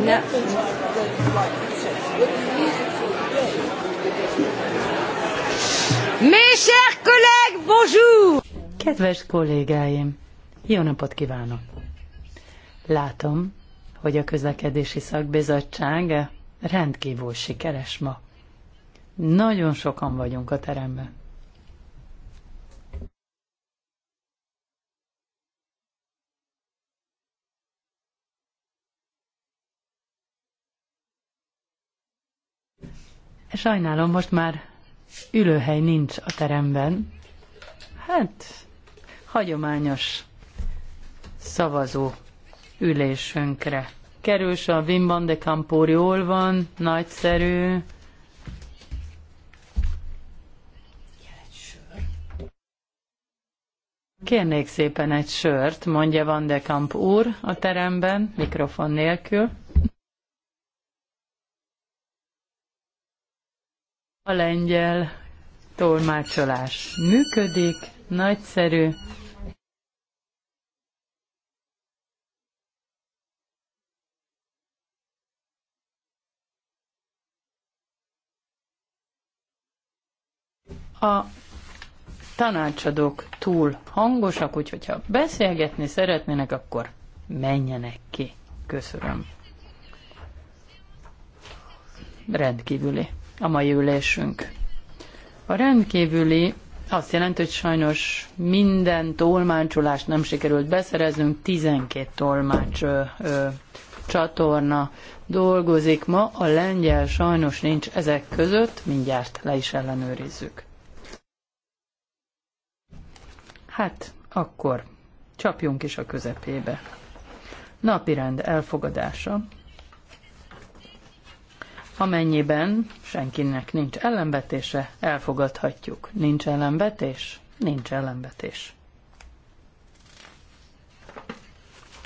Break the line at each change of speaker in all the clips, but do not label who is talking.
I'm not.
Mes chers collègues, bonjour! Kedves kollégáim, jó napot kívánok! Látom, hogy a közlekedési szakbizottság rendkívül sikeres ma. Nagyon sokan vagyunk a teremben. Sajnálom, most már ülőhely nincs a teremben. Hát, hagyományos szavazó ülésünkre. Kerülse a Wimban de Campor jól van, nagyszerű. Kérnék szépen egy sört, mondja Van de Kamp úr a teremben, mikrofon nélkül. A lengyel tolmácsolás működik, nagyszerű. A tanácsadók túl hangosak, úgyhogy ha beszélgetni szeretnének, akkor menjenek ki. Köszönöm. Rendkívüli a mai ülésünk. A rendkívüli azt jelenti, hogy sajnos minden tolmácsolást nem sikerült beszereznünk, 12 tolmács ö, ö, csatorna dolgozik ma, a lengyel sajnos nincs ezek között, mindjárt le is ellenőrizzük. Hát, akkor csapjunk is a közepébe. Napirend elfogadása. Amennyiben senkinek nincs ellenvetése, elfogadhatjuk. Nincs ellenvetés? Nincs ellenvetés.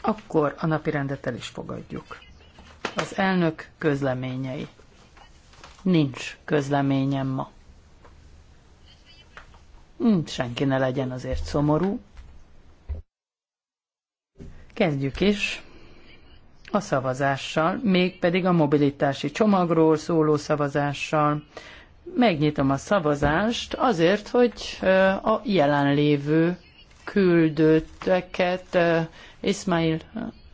Akkor a napi rendet el is fogadjuk. Az elnök közleményei. Nincs közleményem ma. Hmm, senki ne legyen azért szomorú. Kezdjük is a szavazással, mégpedig a mobilitási csomagról szóló szavazással. Megnyitom a szavazást azért, hogy a jelenlévő küldötteket Ismail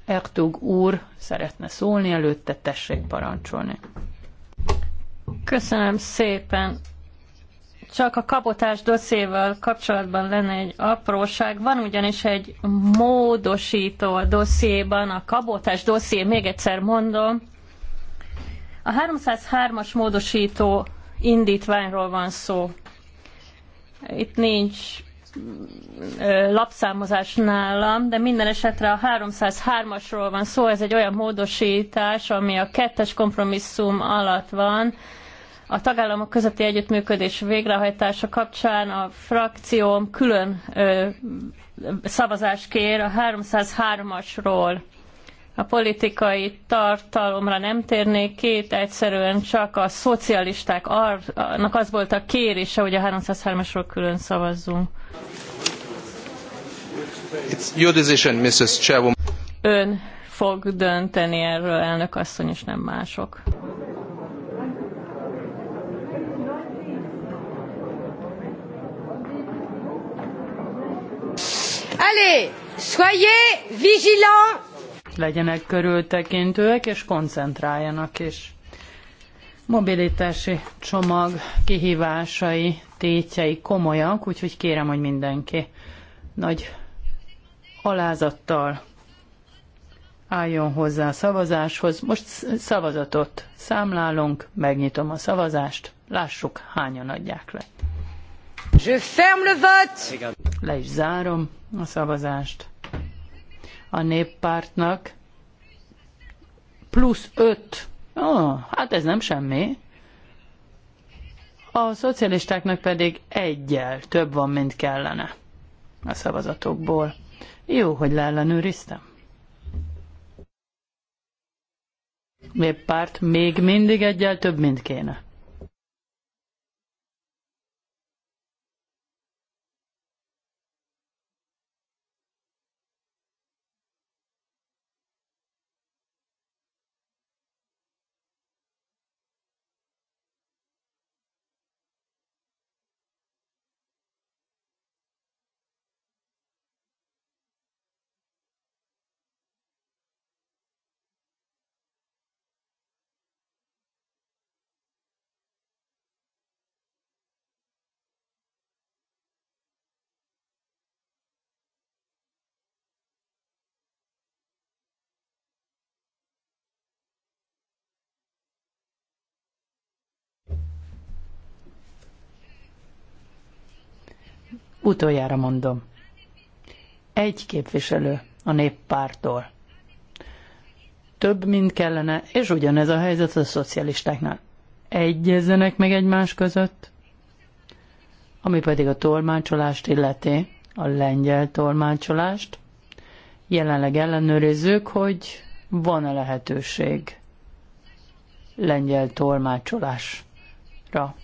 Ertug úr szeretne szólni előtte, tessék parancsolni. Köszönöm szépen,
csak a kabotás dosszéval kapcsolatban lenne egy apróság. Van ugyanis egy módosító a dosszéban, a kabotás dosszé, még egyszer mondom. A 303-as módosító indítványról van szó. Itt nincs lapszámozás nálam, de minden esetre a 303-asról van szó, ez egy olyan módosítás, ami a kettes kompromisszum alatt van, a tagállamok közötti együttműködés végrehajtása kapcsán a frakcióm külön ö, szavazást kér a 303-asról. A politikai tartalomra nem térnék ki, egyszerűen csak a szocialistáknak az volt a kérése, hogy a 303-asról külön szavazzunk.
It's your decision, Mrs. Chairwoman.
Ön fog dönteni erről, elnök asszony, és nem mások.
Allez, soyez vigilants!
Legyenek körültekintőek és koncentráljanak is. Mobilitási csomag kihívásai, tétjei komolyak, úgyhogy kérem, hogy mindenki nagy alázattal álljon hozzá a szavazáshoz. Most szavazatot számlálunk, megnyitom a szavazást, lássuk hányan adják le. Je ferme le vote. Le is zárom a szavazást. A néppártnak plusz öt. Ó, oh, hát ez nem semmi. A szocialistáknak pedig egyel több van, mint kellene a szavazatokból. Jó, hogy leellenőriztem. Néppárt még mindig egyel több, mint kéne. Utoljára mondom. Egy képviselő a néppártól. Több, mint kellene, és ugyanez a helyzet a szocialistáknál. Egyezzenek meg egymás között? Ami pedig a tolmácsolást illeti, a lengyel tolmácsolást, jelenleg ellenőrizzük, hogy van-e lehetőség lengyel tolmácsolásra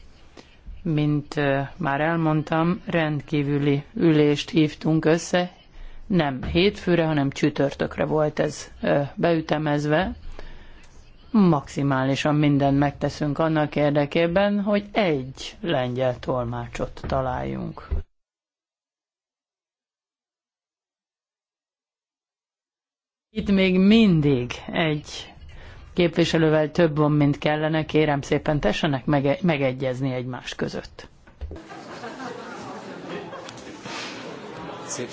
mint már elmondtam, rendkívüli ülést hívtunk össze, nem hétfőre, hanem csütörtökre volt ez beütemezve. Maximálisan mindent megteszünk annak érdekében, hogy egy lengyel tolmácsot találjunk. Itt még mindig egy képviselővel több van, mint kellene, kérem szépen tessenek mege- megegyezni egymás között. ça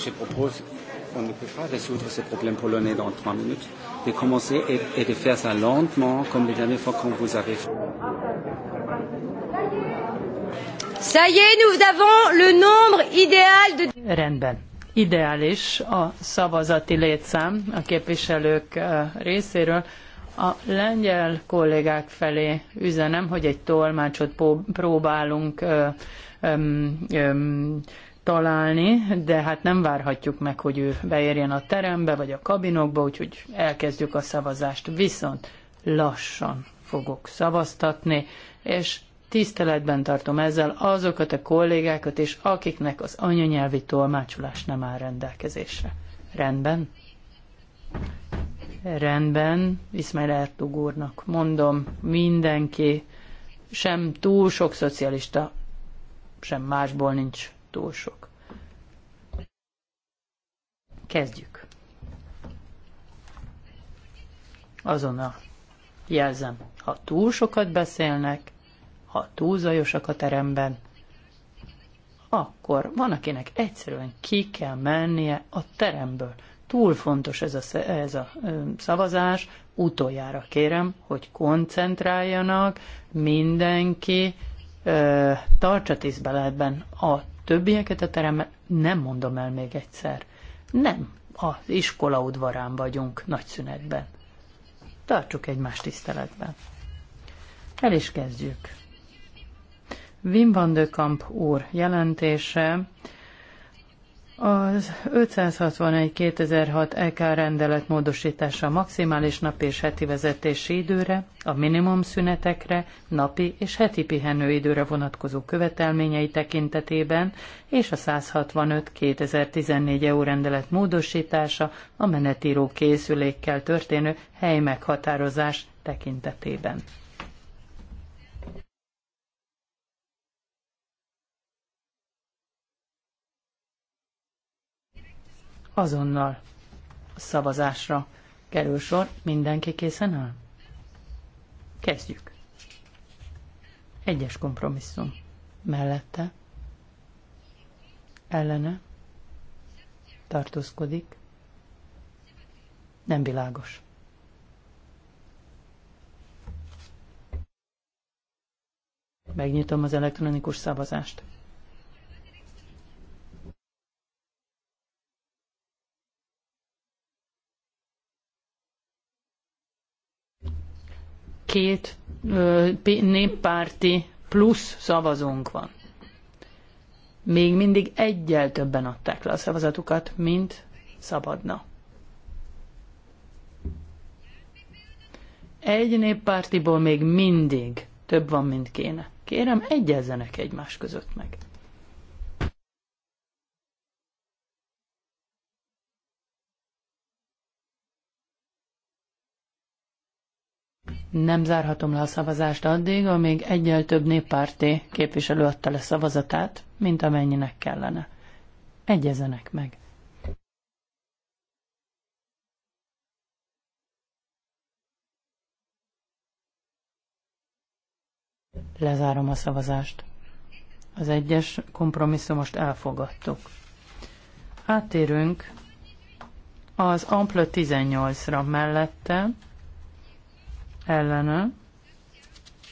Ça y est, nous avons le nombre
idéal de... Rendben. Ideális a szavazati létszám a képviselők eh, részéről. A lengyel kollégák felé üzenem, hogy egy tolmácsot próbálunk ö, ö, ö, találni, de hát nem várhatjuk meg, hogy ő beérjen a terembe vagy a kabinokba, úgyhogy elkezdjük a szavazást. Viszont lassan fogok szavaztatni, és tiszteletben tartom ezzel azokat a kollégákat is, akiknek az anyanyelvi tolmácsolás nem áll rendelkezésre. Rendben? Rendben, Ismail Ertug úrnak mondom, mindenki, sem túl sok szocialista, sem másból nincs túl sok. Kezdjük. Azonnal jelzem, ha túl sokat beszélnek, ha túl zajosak a teremben, akkor van, akinek egyszerűen ki kell mennie a teremből túl fontos ez a, ez a szavazás. Utoljára kérem, hogy koncentráljanak mindenki, tartsa tiszteletben a többieket a teremben. Nem mondom el még egyszer. Nem, az iskola udvarán vagyunk nagy szünetben. Tartsuk egymást tiszteletben. El is kezdjük. Wim van de Kamp úr jelentése az 561 2006 EK rendelet módosítása a maximális napi és heti vezetési időre, a minimum szünetekre, napi és heti pihenőidőre vonatkozó követelményei tekintetében, és a 165 2014 EU rendelet módosítása a menetíró készülékkel történő helymeghatározás tekintetében. azonnal szavazásra kerül sor. Mindenki készen áll? Kezdjük. Egyes kompromisszum. Mellette. Ellene. Tartózkodik. Nem világos. Megnyitom az elektronikus szavazást. két néppárti plusz szavazónk van. Még mindig egyel többen adták le a szavazatukat, mint szabadna. Egy néppártiból még mindig több van, mint kéne. Kérem, egyezzenek egymás között meg. nem zárhatom le a szavazást addig, amíg egyel több néppárti képviselő adta le szavazatát, mint amennyinek kellene. Egyezenek meg. Lezárom a szavazást. Az egyes kompromisszumost elfogadtuk. Áttérünk az Ample 18-ra mellette, ellene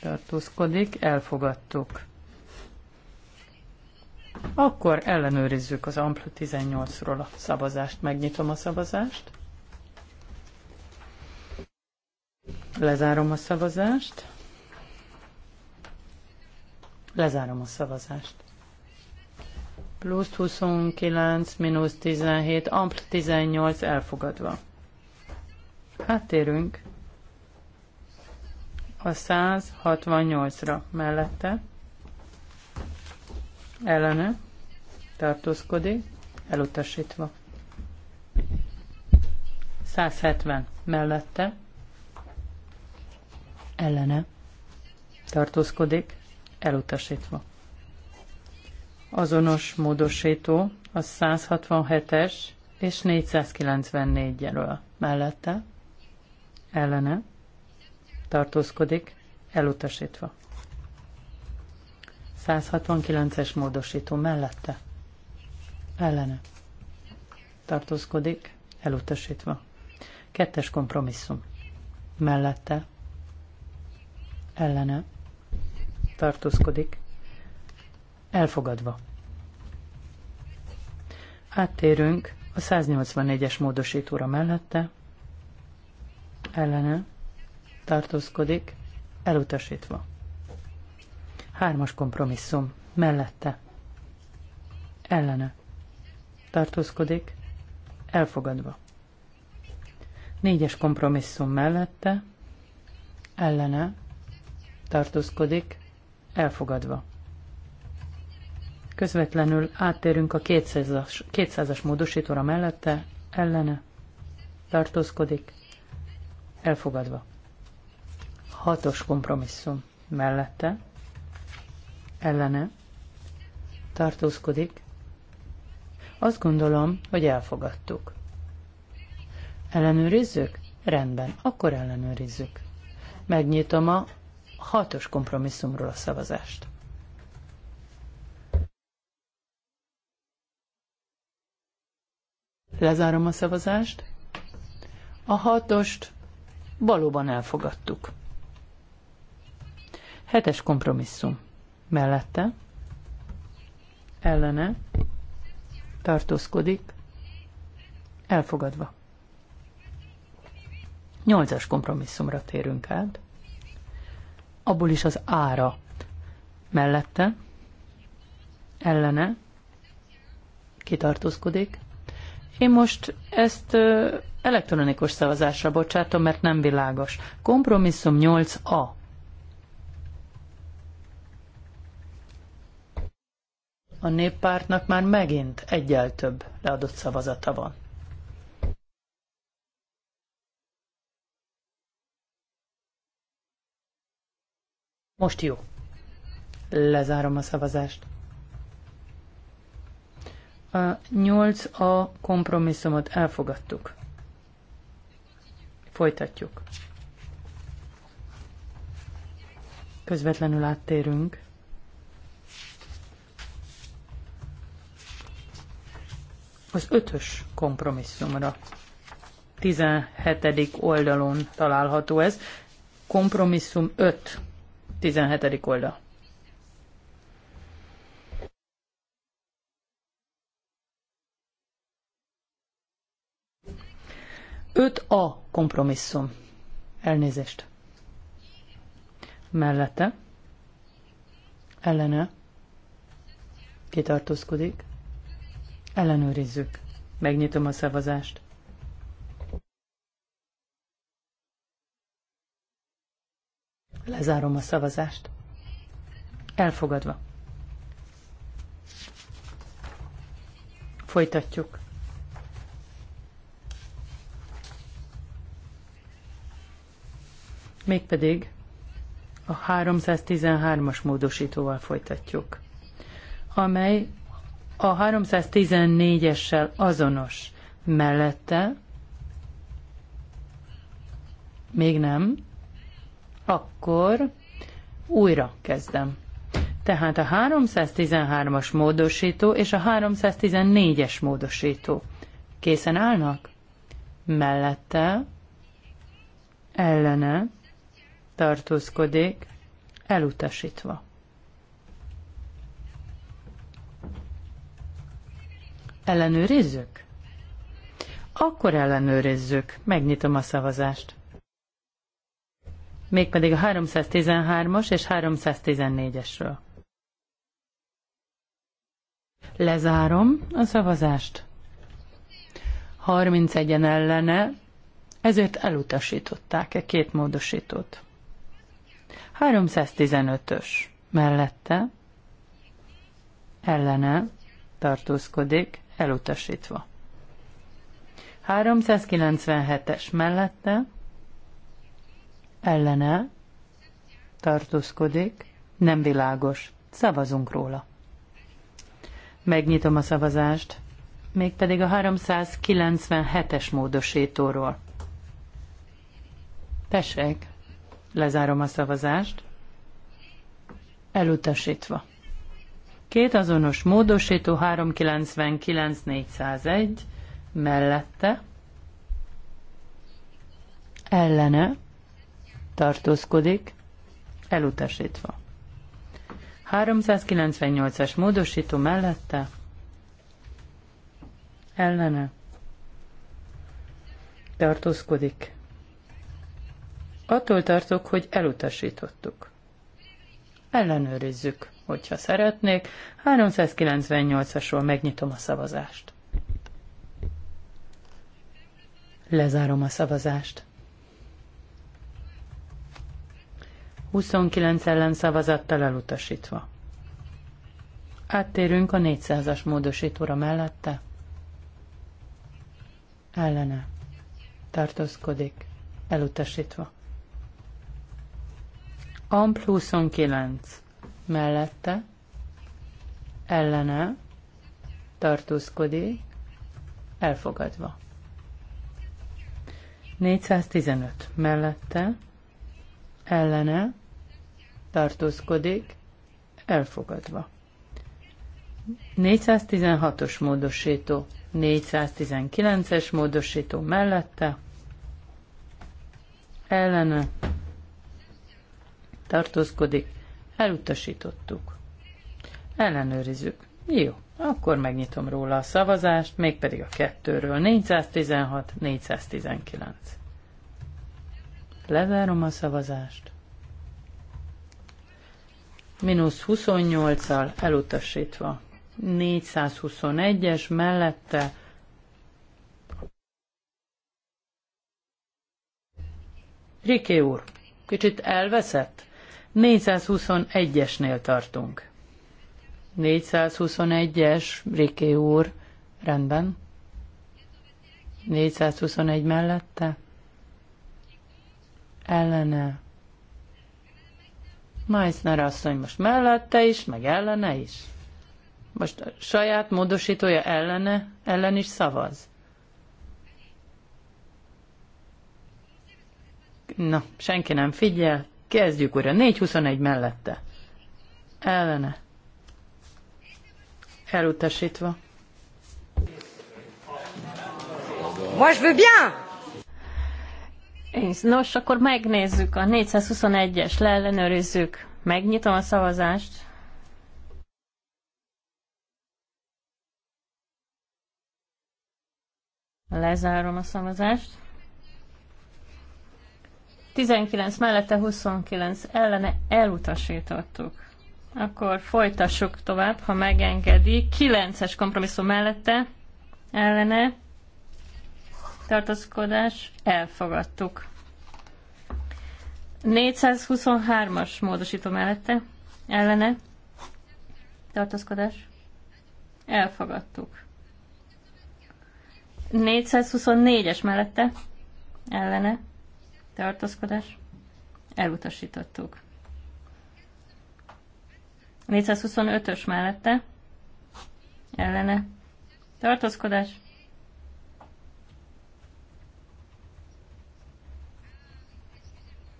tartózkodik, elfogadtuk. Akkor ellenőrizzük az Ampl 18-ról a szavazást. Megnyitom a szavazást. Lezárom a szavazást. Lezárom a szavazást. Plusz 29, mínusz 17, ampl 18 elfogadva. Áttérünk a 168-ra mellette ellene tartózkodik, elutasítva. 170 mellette ellene tartózkodik, elutasítva. Azonos módosító a 167-es és 494 jelől mellette ellene tartózkodik, elutasítva. 169-es módosító mellette, ellene, tartózkodik, elutasítva. Kettes kompromisszum, mellette, ellene, tartózkodik, elfogadva. Áttérünk a 184-es módosítóra mellette, ellene, tartózkodik, elutasítva. Hármas kompromisszum, mellette, ellene, tartózkodik, elfogadva. Négyes kompromisszum mellette, ellene, tartózkodik, elfogadva. Közvetlenül áttérünk a 200-as, 200-as módosítóra mellette, ellene, tartózkodik, elfogadva. Hatos kompromisszum mellette, ellene, tartózkodik. Azt gondolom, hogy elfogadtuk. Ellenőrizzük? Rendben, akkor ellenőrizzük. Megnyitom a hatos kompromisszumról a szavazást. Lezárom a szavazást. A hatost valóban elfogadtuk. Hetes kompromisszum. Mellette. Ellene. Tartózkodik. Elfogadva. Nyolcas kompromisszumra térünk át. Abból is az ára. Mellette. Ellene. Kitartózkodik. Én most ezt elektronikus szavazásra bocsátom, mert nem világos. Kompromisszum 8A. A néppártnak már megint egyel több leadott szavazata van. Most jó. Lezárom a szavazást. A 8A kompromisszumot elfogadtuk. Folytatjuk. Közvetlenül áttérünk az ötös kompromisszumra. 17. oldalon található ez. Kompromisszum 5. 17. oldal. Öt a kompromisszum. Elnézést. Mellette. Ellene. Kitartózkodik Ellenőrizzük. Megnyitom a szavazást. Lezárom a szavazást. Elfogadva. Folytatjuk. Mégpedig a 313-as módosítóval folytatjuk, amely a 314-essel azonos mellette még nem, akkor újra kezdem. Tehát a 313-as módosító és a 314-es módosító. Készen állnak? Mellette, ellene, tartózkodik, elutasítva. Ellenőrizzük? Akkor ellenőrizzük. Megnyitom a szavazást. Mégpedig a 313-as és 314-esről. Lezárom a szavazást. 31-en ellene, ezért elutasították e két módosítót. 315-ös mellette ellene tartózkodik, elutasítva. 397-es mellette ellene tartózkodik, nem világos. Szavazunk róla. Megnyitom a szavazást, mégpedig a 397-es módosítóról. Tessék, lezárom a szavazást. Elutasítva. Két azonos módosító 399-401 mellette ellene tartózkodik, elutasítva. 398-as módosító mellette ellene tartózkodik. Attól tartok, hogy elutasítottuk. Ellenőrizzük hogyha szeretnék. 398-asról megnyitom a szavazást. Lezárom a szavazást. 29 ellen szavazattal elutasítva. Áttérünk a 400-as módosítóra mellette. Ellene. Tartózkodik. Elutasítva. Amp 29 mellette, ellene, tartózkodik, elfogadva. 415 mellette, ellene, tartózkodik, elfogadva. 416-os módosító, 419-es módosító mellette, ellene, tartózkodik, Elutasítottuk. Ellenőrizzük. Jó, akkor megnyitom róla a szavazást, mégpedig a kettőről. 416, 419. Lezárom a szavazást. Minusz 28-al elutasítva. 421-es mellette Riké úr, kicsit elveszett? 421-esnél tartunk. 421-es, Riké úr, rendben. 421 mellette. Ellene. Meissner asszony most mellette is, meg ellene is. Most a saját módosítója ellene, ellen is szavaz. Na, senki nem figyel, Kezdjük újra. 4.21 mellette. Ellene. Elutasítva.
Moi je veux
bien! Nos, akkor megnézzük a 421-es, leellenőrizzük. Megnyitom a szavazást. Lezárom a szavazást. 19 mellette 29 ellene elutasítottuk. Akkor folytassuk tovább, ha megengedi. 9-es kompromisszum mellette ellene tartózkodás elfogadtuk. 423-as módosító mellette ellene tartózkodás elfogadtuk. 424-es mellette ellene tartózkodás, elutasítottuk. 425-ös mellette, ellene, tartózkodás,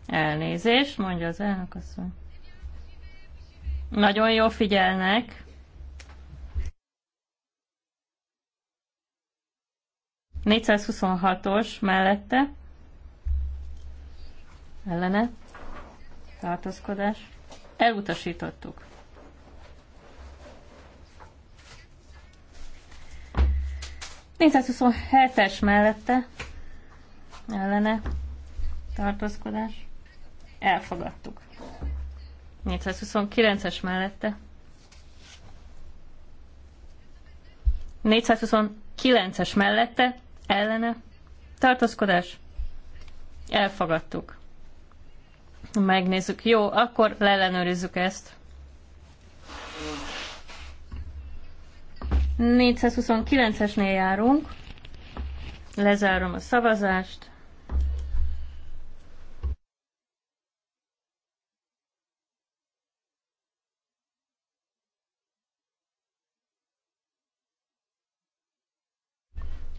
Elnézés, mondja az elnök asszony. Nagyon jól figyelnek. os mellette ellene, tartózkodás, elutasítottuk. es mellette ellene tartózkodás. Elfogadtuk. 429-es mellette. 429-es mellette ellene tartózkodás. Elfogadtuk. Megnézzük. Jó, akkor leellenőrizzük ezt. 429-esnél járunk. Lezárom a szavazást.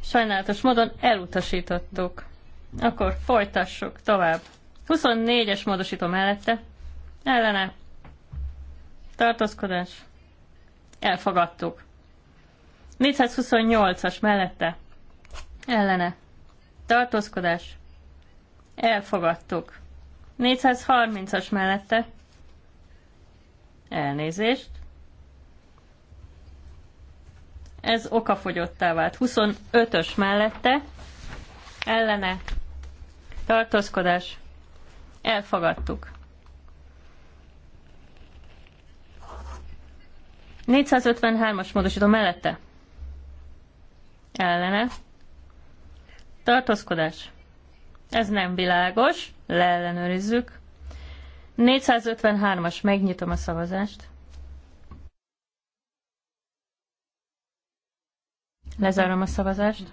Sajnálatos módon elutasítottuk. Akkor folytassuk tovább. 24-es módosító mellette ellene tartózkodás elfogadtuk. 428-as mellette ellene tartózkodás elfogadtuk. 430-as mellette elnézést ez okafogyottá vált. 25-ös mellette ellene tartózkodás Elfogadtuk. 453-as módosító mellette. Ellene. Tartózkodás. Ez nem világos. Leellenőrizzük. 453-as. Megnyitom a szavazást. Lezárom a szavazást.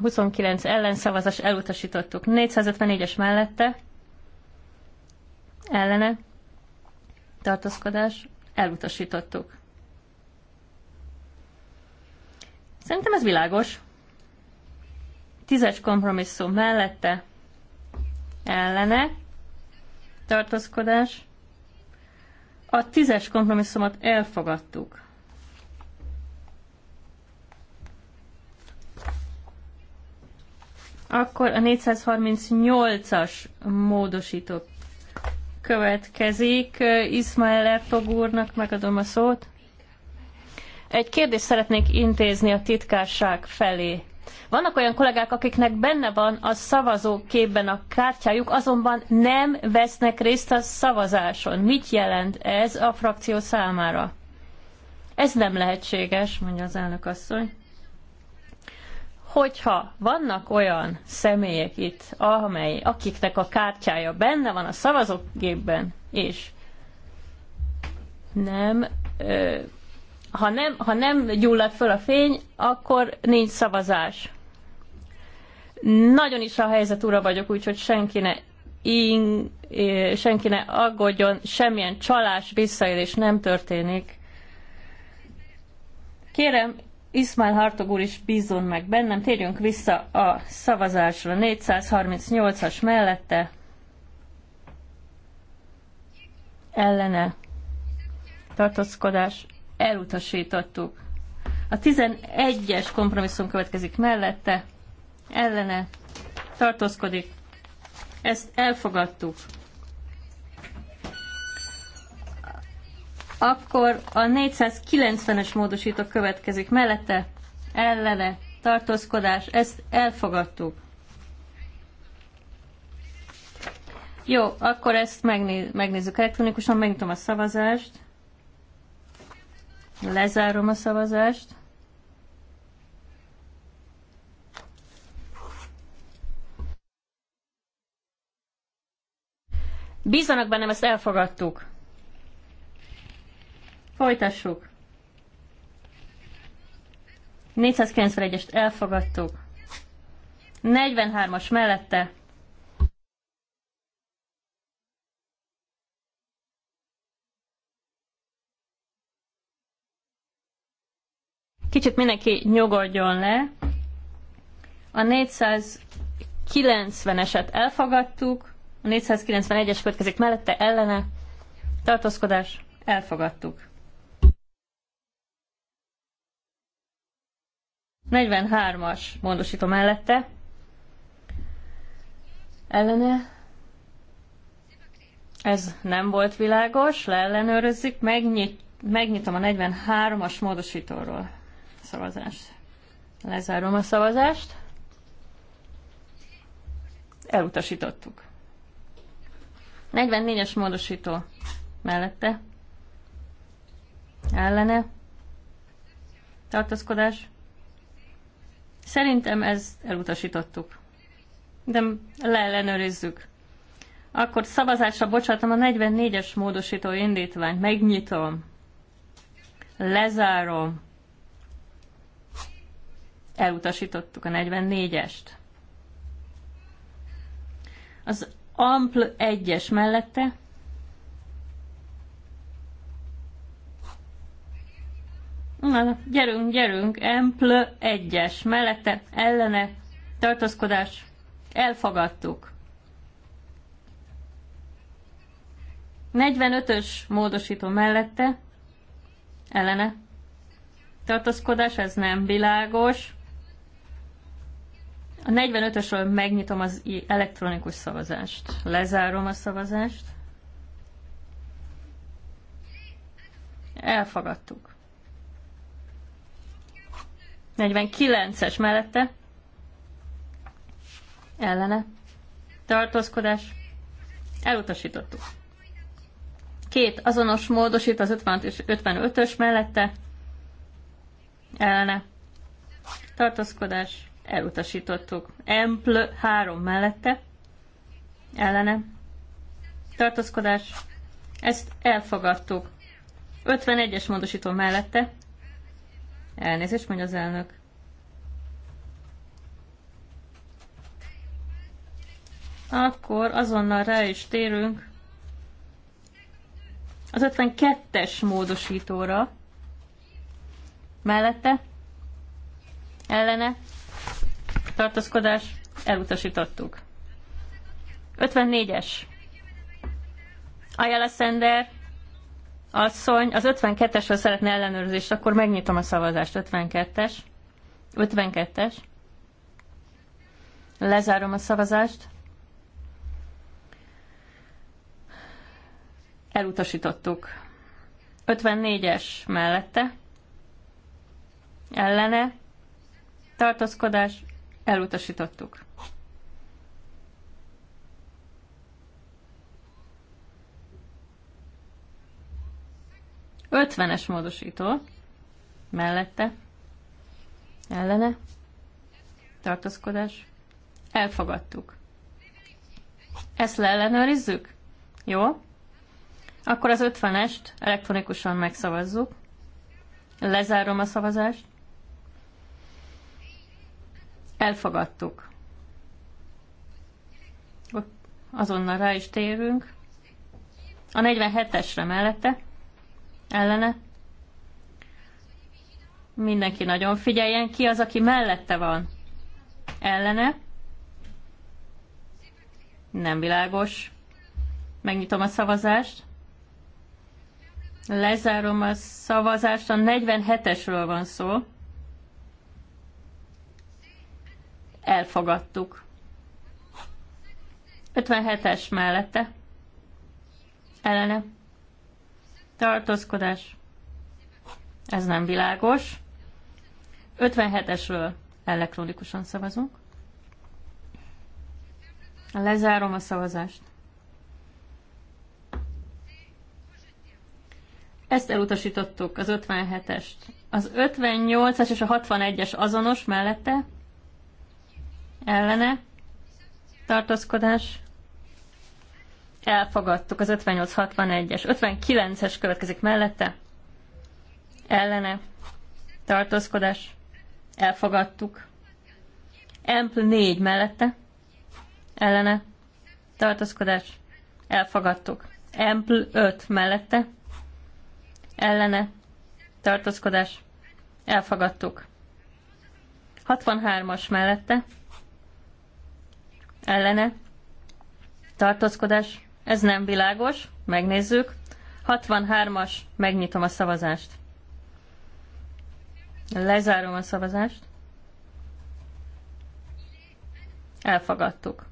29 ellenszavazás elutasítottuk. 454-es mellette ellene tartózkodás elutasítottuk. Szerintem ez világos. Tízes kompromisszum mellette ellene tartózkodás. A tízes kompromisszumot elfogadtuk. Akkor a 438-as módosító következik. Ismail Ertog úrnak megadom a szót. Egy kérdést szeretnék intézni a titkárság felé. Vannak olyan kollégák, akiknek benne van a szavazóképben a kártyájuk, azonban nem vesznek részt a szavazáson. Mit jelent ez a frakció számára? Ez nem lehetséges, mondja az elnök asszony hogyha vannak olyan személyek itt, amely, akiknek a kártyája benne van a szavazógépben, és nem, ö, ha nem, ha nem gyullad föl a fény, akkor nincs szavazás. Nagyon is a helyzet ura vagyok, úgyhogy senki ne, ing, senki ne aggódjon, semmilyen csalás, visszaélés nem történik. Kérem, Ismail Hartog úr is bízon meg bennem. Térjünk vissza a szavazásra. 438-as mellette. Ellene. Tartózkodás. Elutasítottuk. A 11-es kompromisszum következik mellette. Ellene. Tartózkodik. Ezt elfogadtuk. Akkor a 490-es módosító következik mellette, ellene, tartózkodás, ezt elfogadtuk. Jó, akkor ezt megnéz, megnézzük elektronikusan, megnyitom a szavazást. Lezárom a szavazást. Bízanak bennem, ezt elfogadtuk. Folytassuk. 491-est elfogadtuk. 43-as mellette. Kicsit mindenki nyugodjon le. A 490-eset elfogadtuk, a 491-es következik mellette, ellene, tartózkodás, elfogadtuk. 43-as módosító mellette ellene. Ez nem volt világos, leellenőrözzük, megnyit, megnyitom a 43-as módosítóról szavazást. Lezárom a szavazást. Elutasítottuk. 44-es módosító mellette. Ellene. Tartózkodás. Szerintem ezt elutasítottuk. De leellenőrizzük. Akkor szavazásra bocsátom a 44-es módosító indítványt. Megnyitom. Lezárom. Elutasítottuk a 44-est. Az ampl 1-es mellette Na, gyerünk, gyerünk, empl egyes, mellette, ellene, tartózkodás, elfogadtuk. 45-ös módosító mellette, ellene, tartózkodás, ez nem világos. A 45-ösről megnyitom az elektronikus szavazást. Lezárom a szavazást. Elfogadtuk. 49-es mellette ellene tartózkodás elutasítottuk. Két azonos módosít az 55-ös mellette ellene tartózkodás elutasítottuk. Empl 3 mellette ellene tartózkodás ezt elfogadtuk. 51-es módosító mellette Elnézést mondja az elnök. Akkor azonnal rá is térünk az 52-es módosítóra. Mellette? Ellene? Tartózkodás? Elutasítottuk. 54-es. Ayala Sender asszony az 52-esről szeretne ellenőrzést, akkor megnyitom a szavazást. 52-es. 52-es. Lezárom a szavazást. Elutasítottuk. 54-es mellette. Ellene. Tartózkodás. Elutasítottuk. 50-es módosító mellette ellene tartózkodás elfogadtuk. Ezt leellenőrizzük? Jó? Akkor az 50-est elektronikusan megszavazzuk. Lezárom a szavazást. Elfogadtuk. Azonnal rá is térünk. A 47-esre mellette ellene. Mindenki nagyon figyeljen ki, az, aki mellette van, ellene. Nem világos. Megnyitom a szavazást. Lezárom a szavazást, a 47-esről van szó. Elfogadtuk. 57-es mellette. Ellene tartózkodás, ez nem világos. 57-esről elektronikusan szavazunk. Lezárom a szavazást. Ezt elutasítottuk, az 57-est. Az 58-as és a 61-es azonos mellette, ellene, tartózkodás, elfogadtuk az 5861-es, 59-es következik mellette, ellene, tartózkodás, elfogadtuk. Empl 4 mellette, ellene, tartózkodás, elfogadtuk. Empl 5 mellette, ellene, tartózkodás, elfogadtuk. 63-as mellette, ellene, tartózkodás, ez nem világos, megnézzük. 63-as, megnyitom a szavazást. Lezárom a szavazást. Elfogadtuk.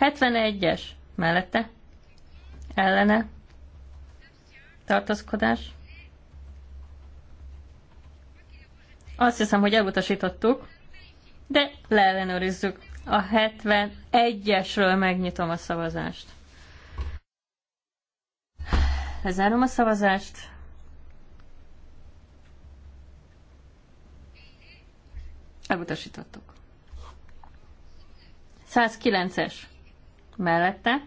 71-es, mellette, ellene, Tartozkodás. Azt hiszem, hogy elutasítottuk, de leellenőrizzük. A 71-esről megnyitom a szavazást. Lezárom a szavazást. Elutasítottuk. 109-es. Mellette.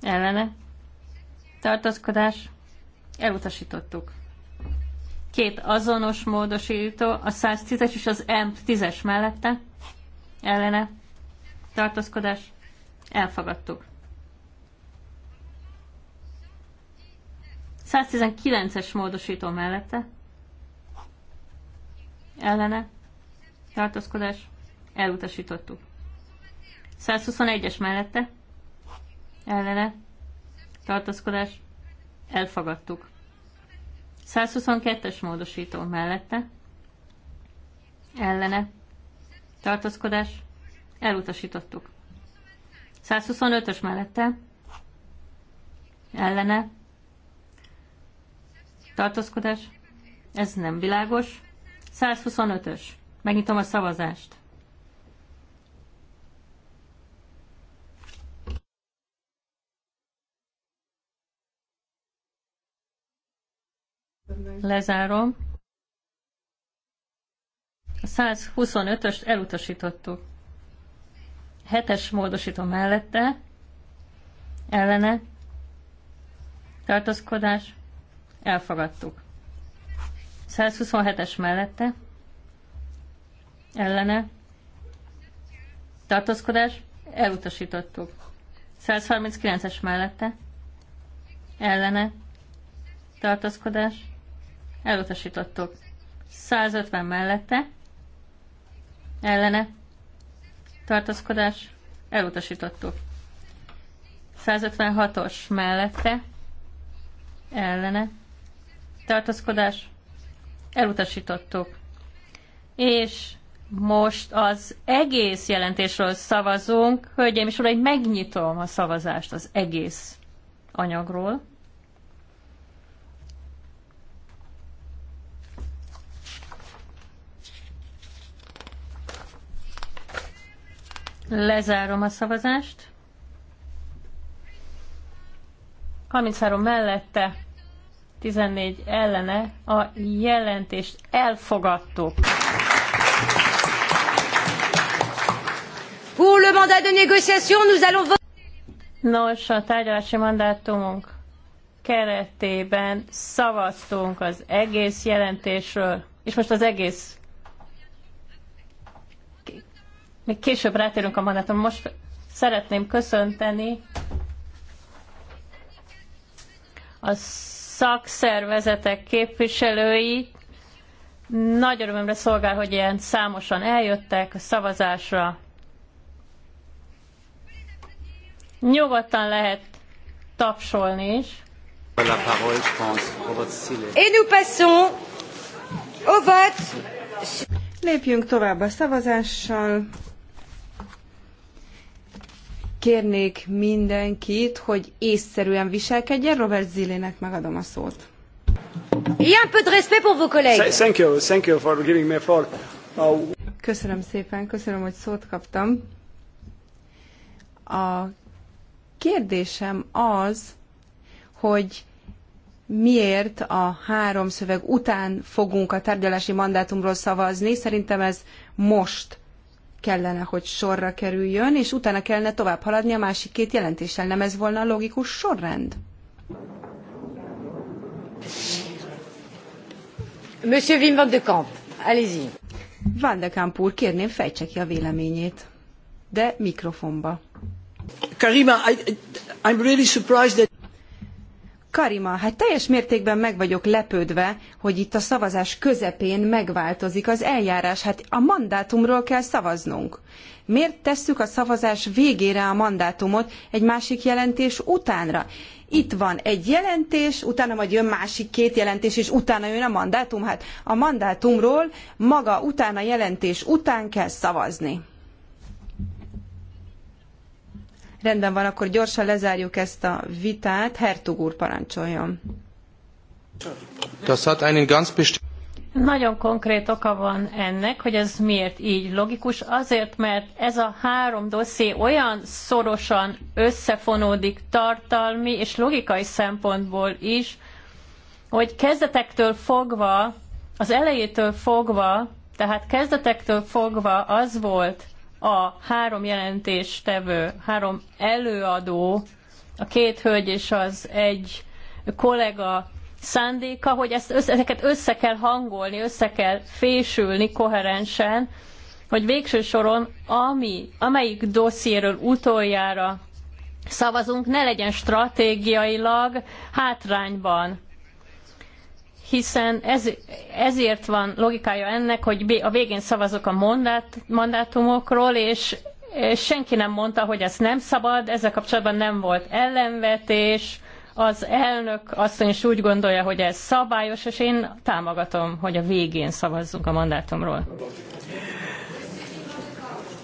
Ellene. tartozkodás. Elutasítottuk. Két azonos módosító, a 110-es és az M10-es mellette ellene tartózkodás elfogadtuk. 119-es módosító mellette ellene tartózkodás elutasítottuk. 121-es mellette ellene tartózkodás elfogadtuk. 122-es módosító mellette ellene tartózkodás, elutasítottuk. 125-ös mellette, ellene, tartózkodás, ez nem világos. 125-ös, megnyitom a szavazást. Lezárom. 125-öst elutasítottuk. Hetes módosító mellette, ellene, tartózkodás, elfogadtuk. 127-es mellette, ellene, tartózkodás, elutasítottuk. 139-es mellette, ellene, tartózkodás, elutasítottuk. 150 mellette, ellene tartózkodás elutasítottuk. 156-os mellette ellene tartózkodás elutasítottuk. És most az egész jelentésről szavazunk. Hölgyeim és uraim, megnyitom a szavazást az egész anyagról. Lezárom a szavazást. 33 mellette, 14 ellene a jelentést elfogadtuk. Pour le mandat de négociation, nous allons voter. Nos, a tárgyalási mandátumunk keretében szavaztunk az egész jelentésről, és most az egész még később rátérünk a mandátum. Most szeretném köszönteni a szakszervezetek képviselőit. Nagy örömömre szolgál, hogy ilyen számosan eljöttek a szavazásra. Nyugodtan lehet tapsolni is. Et nous passons au vote.
Lépjünk tovább a szavazással kérnék mindenkit, hogy észszerűen viselkedjen. Robert Zillének megadom a szót. Et un peu de respect pour vos collègues. Thank you, thank you for giving me a floor. Köszönöm szépen, köszönöm, hogy szót kaptam. A kérdésem az, hogy miért a három szöveg után fogunk a tárgyalási mandátumról szavazni. Szerintem ez most kellene, hogy sorra kerüljön, és utána kellene tovább haladni a másik két jelentéssel. Nem ez volna a logikus sorrend? Monsieur Wim van de Kamp, allez-y. Van de Kamp úr, kérném fejtse ki a véleményét. De mikrofonba. Karima, I, I'm really surprised that... Karima, hát teljes mértékben meg vagyok lepődve, hogy itt a szavazás közepén megváltozik az eljárás. Hát a mandátumról kell szavaznunk. Miért tesszük a szavazás végére a mandátumot egy másik jelentés utánra? Itt van egy jelentés, utána majd jön másik két jelentés, és utána jön a mandátum. Hát a mandátumról maga utána jelentés után kell szavazni. Rendben van, akkor gyorsan lezárjuk ezt a vitát. Hertug úr parancsoljon. Das hat einen ganz
nagyon konkrét oka van ennek, hogy ez miért így logikus. Azért, mert ez a három dosszié olyan szorosan összefonódik tartalmi és logikai szempontból is, hogy kezdetektől fogva, az elejétől fogva, tehát kezdetektől fogva az volt a három jelentéstevő, három előadó, a két hölgy és az egy kollega szándéka, hogy ezt, ezeket össze kell hangolni, össze kell fésülni koherensen, hogy végső soron ami, amelyik dossziéről utoljára szavazunk, ne legyen stratégiailag hátrányban hiszen ez, ezért van logikája ennek, hogy a végén szavazok a mandát, mandátumokról, és senki nem mondta, hogy ez nem szabad, ezzel kapcsolatban nem volt ellenvetés, az elnök asszony is úgy gondolja, hogy ez szabályos, és én támogatom, hogy a végén szavazzunk a mandátumról.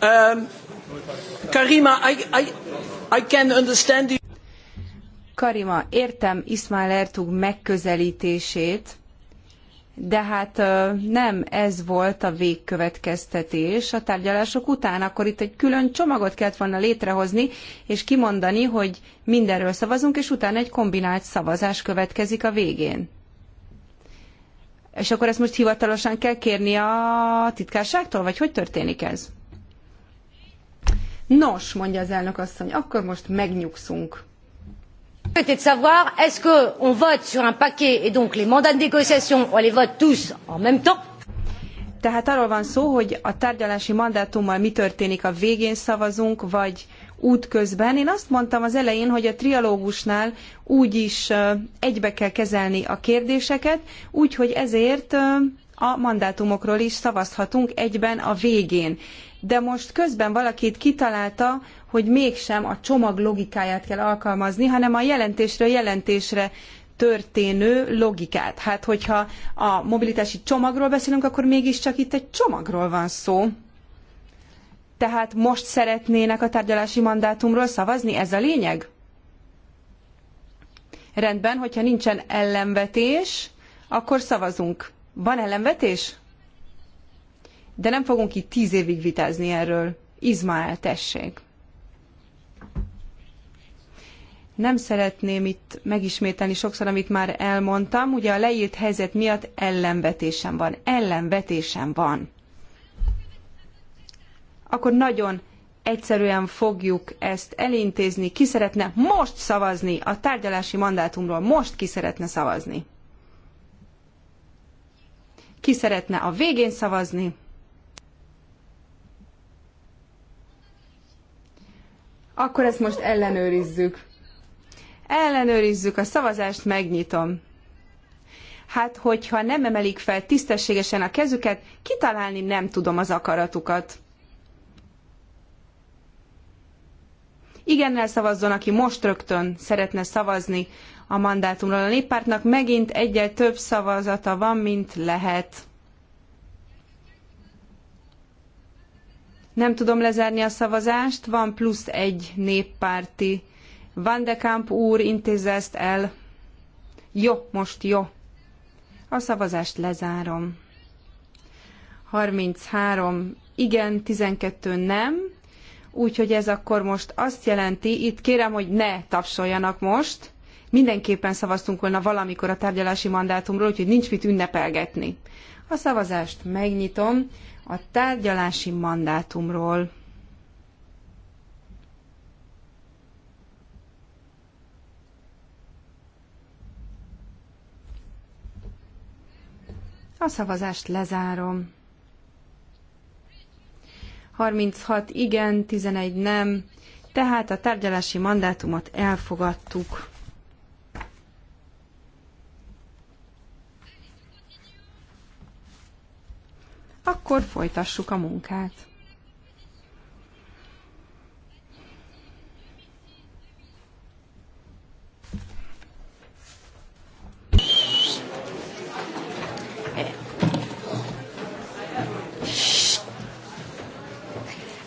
Um, Karima,
I, I, I can understand you. Karima, értem Ismail Ertug megközelítését, de hát nem ez volt a végkövetkeztetés a tárgyalások után, akkor itt egy külön csomagot kellett volna létrehozni, és kimondani, hogy mindenről szavazunk, és utána egy kombinált szavazás következik a végén. És akkor ezt most hivatalosan kell kérni a titkárságtól, vagy hogy történik ez? Nos, mondja az elnök asszony, akkor most megnyugszunk était de savoir est-ce qu'on vote sur un paquet et donc les mandats de négociation, on les vote tous en même temps tehát arról van szó, hogy a tárgyalási mandátummal mi történik a végén szavazunk, vagy útközben. Én azt mondtam az elején, hogy a trialógusnál úgy is egybe kell kezelni a kérdéseket, úgyhogy ezért a mandátumokról is szavazhatunk egyben a végén de most közben valakit kitalálta, hogy mégsem a csomag logikáját kell alkalmazni, hanem a jelentésre jelentésre történő logikát. Hát, hogyha a mobilitási csomagról beszélünk, akkor mégiscsak itt egy csomagról van szó. Tehát most szeretnének a tárgyalási mandátumról szavazni? Ez a lényeg? Rendben, hogyha nincsen ellenvetés, akkor szavazunk. Van ellenvetés? De nem fogunk itt tíz évig vitázni erről. Izmael, tessék! Nem szeretném itt megismételni sokszor, amit már elmondtam. Ugye a leírt helyzet miatt ellenvetésem van. Ellenvetésem van. Akkor nagyon egyszerűen fogjuk ezt elintézni. Ki szeretne most szavazni a tárgyalási mandátumról? Most ki szeretne szavazni? Ki szeretne a végén szavazni? Akkor ezt most ellenőrizzük. Ellenőrizzük a szavazást, megnyitom. Hát, hogyha nem emelik fel tisztességesen a kezüket, kitalálni nem tudom az akaratukat. Igennel szavazzon, aki most rögtön szeretne szavazni a mandátumról. A néppártnak megint egyel több szavazata van, mint lehet. Nem tudom lezárni a szavazást, van plusz egy néppárti. Van de Kamp úr, intézze ezt el. Jó, most jó. A szavazást lezárom. 33 igen, 12 nem. Úgyhogy ez akkor most azt jelenti, itt kérem, hogy ne tapsoljanak most. Mindenképpen szavaztunk volna valamikor a tárgyalási mandátumról, úgyhogy nincs mit ünnepelgetni. A szavazást megnyitom. A tárgyalási mandátumról A szavazást lezárom. 36 igen, 11 nem, tehát a tárgyalási mandátumot elfogadtuk. akkor folytassuk a munkát.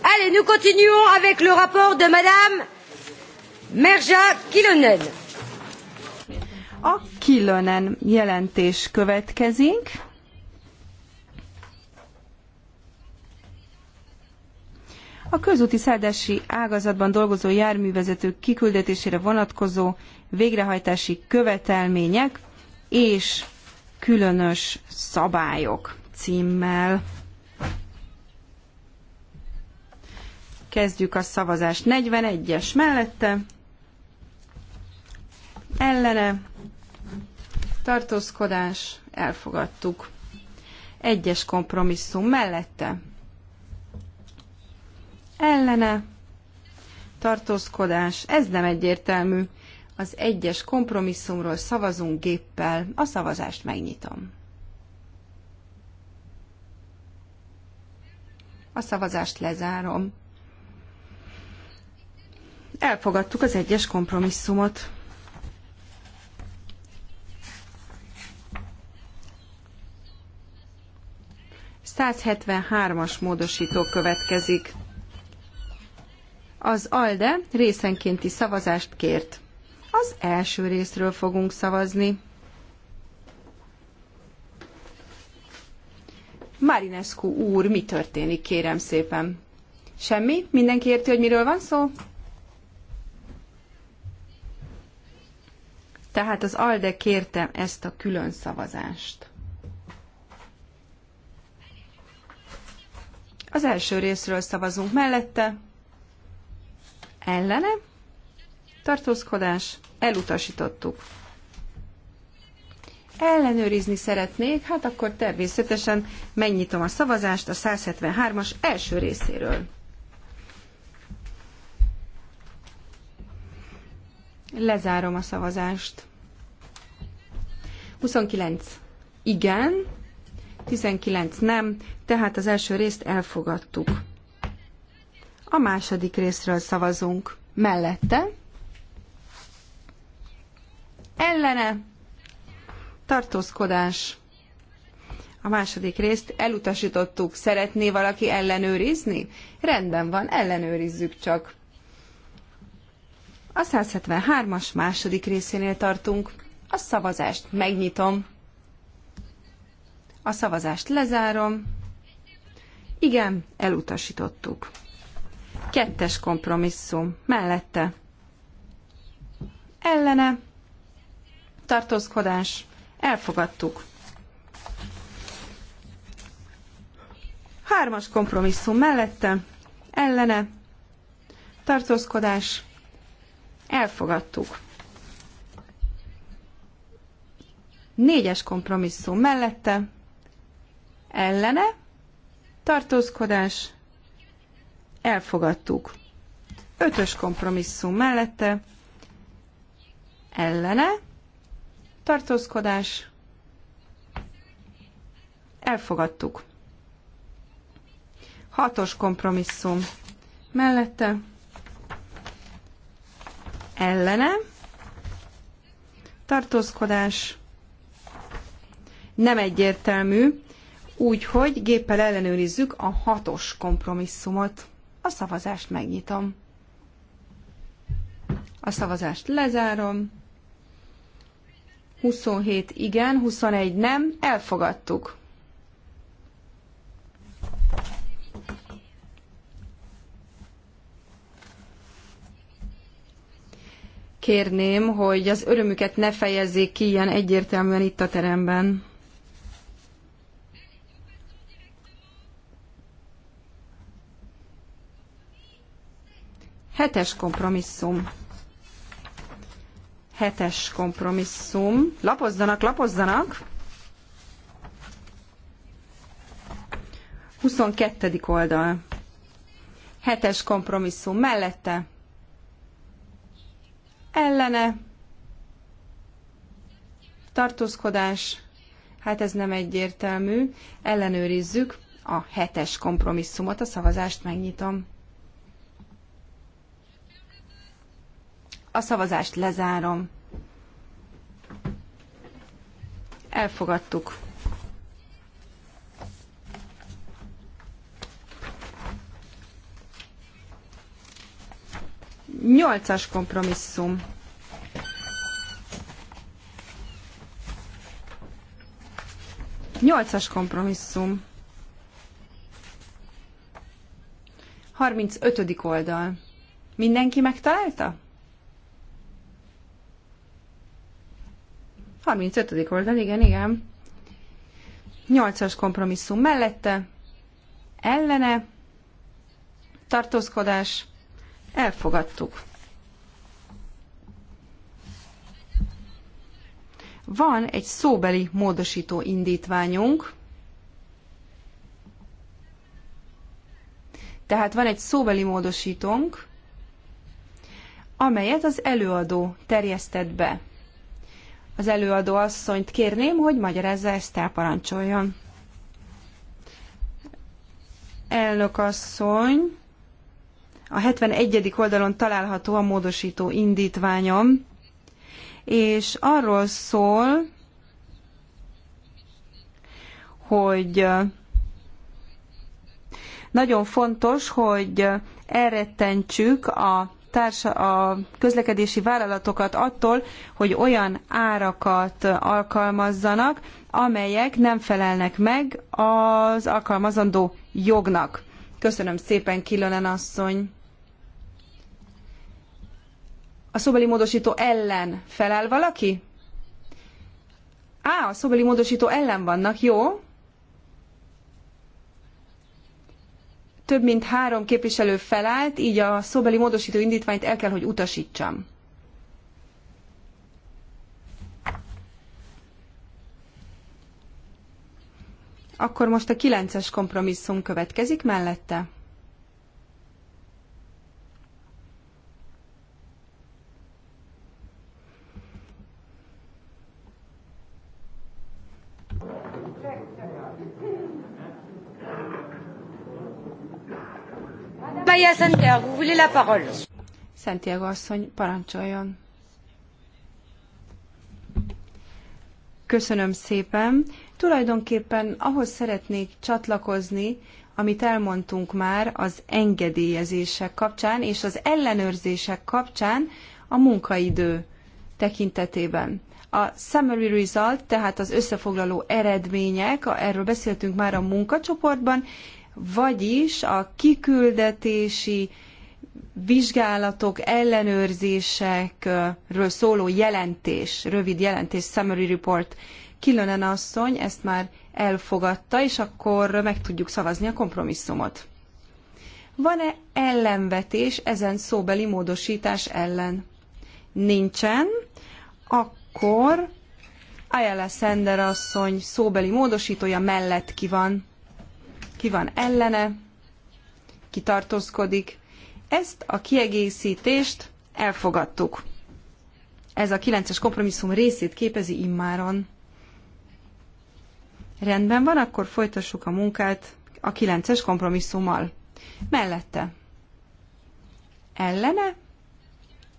Allez, nous continuons avec le rapport de Madame Merja Kilonen. A Kilonen jelentés következik. A közúti szállási ágazatban dolgozó járművezetők kiküldetésére vonatkozó végrehajtási követelmények és különös szabályok címmel. Kezdjük a szavazást. 41-es mellette, ellene, tartózkodás, elfogadtuk. Egyes kompromisszum mellette, ellene, tartózkodás, ez nem egyértelmű. Az egyes kompromisszumról szavazunk géppel, a szavazást megnyitom. A szavazást lezárom. Elfogadtuk az egyes kompromisszumot. as módosító következik. Az ALDE részenkénti szavazást kért. Az első részről fogunk szavazni. Marinescu úr, mi történik, kérem szépen? Semmi? Mindenki érti, hogy miről van szó? Tehát az ALDE kérte ezt a külön szavazást. Az első részről szavazunk mellette, ellene, tartózkodás, elutasítottuk. Ellenőrizni szeretnék, hát akkor természetesen megnyitom a szavazást a 173-as első részéről. Lezárom a szavazást. 29 igen, 19 nem, tehát az első részt elfogadtuk. A második részről szavazunk. Mellette. Ellene. Tartózkodás. A második részt elutasítottuk. Szeretné valaki ellenőrizni? Rendben van, ellenőrizzük csak. A 173-as második részénél tartunk. A szavazást megnyitom. A szavazást lezárom. Igen, elutasítottuk. Kettes kompromisszum. Mellette. Ellene. Tartózkodás. Elfogadtuk. Hármas kompromisszum mellette. Ellene. Tartózkodás. Elfogadtuk. Négyes kompromisszum mellette. Ellene. Tartózkodás elfogadtuk. Ötös kompromisszum mellette, ellene, tartózkodás, elfogadtuk. Hatos kompromisszum mellette, ellene, tartózkodás, nem egyértelmű, úgyhogy géppel ellenőrizzük a hatos kompromisszumot. A szavazást megnyitom. A szavazást lezárom. 27 igen, 21 nem, elfogadtuk. Kérném, hogy az örömüket ne fejezzék ki ilyen egyértelműen itt a teremben. Hetes kompromisszum. Hetes kompromisszum. Lapozzanak, lapozzanak. 22. oldal. Hetes kompromisszum mellette. Ellene. Tartózkodás. Hát ez nem egyértelmű. Ellenőrizzük a hetes kompromisszumot. A szavazást megnyitom. A szavazást lezárom. Elfogadtuk. Nyolcas kompromisszum. Nyolcas kompromisszum. 35. oldal. Mindenki megtalálta? 35. oldal, igen, igen. 8-as kompromisszum mellette, ellene, tartózkodás, elfogadtuk. Van egy szóbeli módosító indítványunk, tehát van egy szóbeli módosítónk, amelyet az előadó terjesztett be. Az előadó asszonyt kérném, hogy magyarázza ezt el parancsoljon. Elnök asszony, a 71. oldalon található a módosító indítványom, és arról szól, hogy nagyon fontos, hogy elrettentsük a társa, a közlekedési vállalatokat attól, hogy olyan árakat alkalmazzanak, amelyek nem felelnek meg az alkalmazandó jognak. Köszönöm szépen, Kilonen asszony! A szobeli módosító ellen felel valaki? Á, a szobeli módosító ellen vannak, jó? több mint három képviselő felállt, így a szóbeli módosító indítványt el kell, hogy utasítsam. Akkor most a kilences kompromisszum következik mellette.
vous voulez la parole.
Santiago asszony, parancsoljon. Köszönöm szépen. Tulajdonképpen ahhoz szeretnék csatlakozni, amit elmondtunk már az engedélyezések kapcsán és az ellenőrzések kapcsán a munkaidő tekintetében. A summary result, tehát az összefoglaló eredmények, erről beszéltünk már a munkacsoportban, vagyis a kiküldetési vizsgálatok, ellenőrzésekről szóló jelentés, rövid jelentés, summary report, Kilönen asszony ezt már elfogadta, és akkor meg tudjuk szavazni a kompromisszumot. Van-e ellenvetés ezen szóbeli módosítás ellen? Nincsen. Akkor Ayala Sender asszony szóbeli módosítója mellett ki van ki van ellene, ki tartózkodik. Ezt a kiegészítést elfogadtuk. Ez a 9-es kompromisszum részét képezi immáron. Rendben van, akkor folytassuk a munkát a 9-es kompromisszummal. Mellette. Ellene.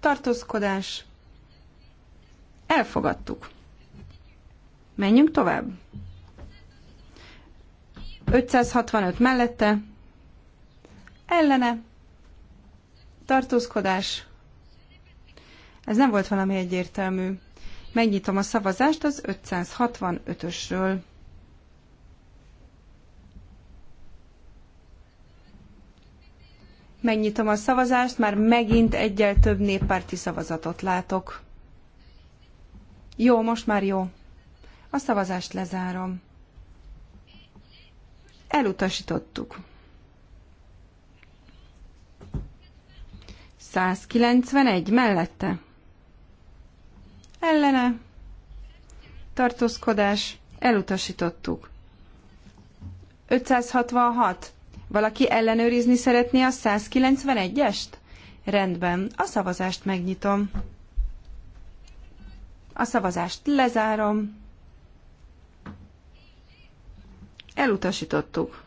Tartózkodás. Elfogadtuk. Menjünk tovább. 565 mellette, ellene, tartózkodás. Ez nem volt valami egyértelmű. Megnyitom a szavazást az 565-ösről. Megnyitom a szavazást, már megint egyel több néppárti szavazatot látok. Jó, most már jó. A szavazást lezárom. Elutasítottuk. 191 mellette. Ellene. Tartózkodás. Elutasítottuk. 566. Valaki ellenőrizni szeretné a 191-est? Rendben, a szavazást megnyitom. A szavazást lezárom. Elutasítottuk.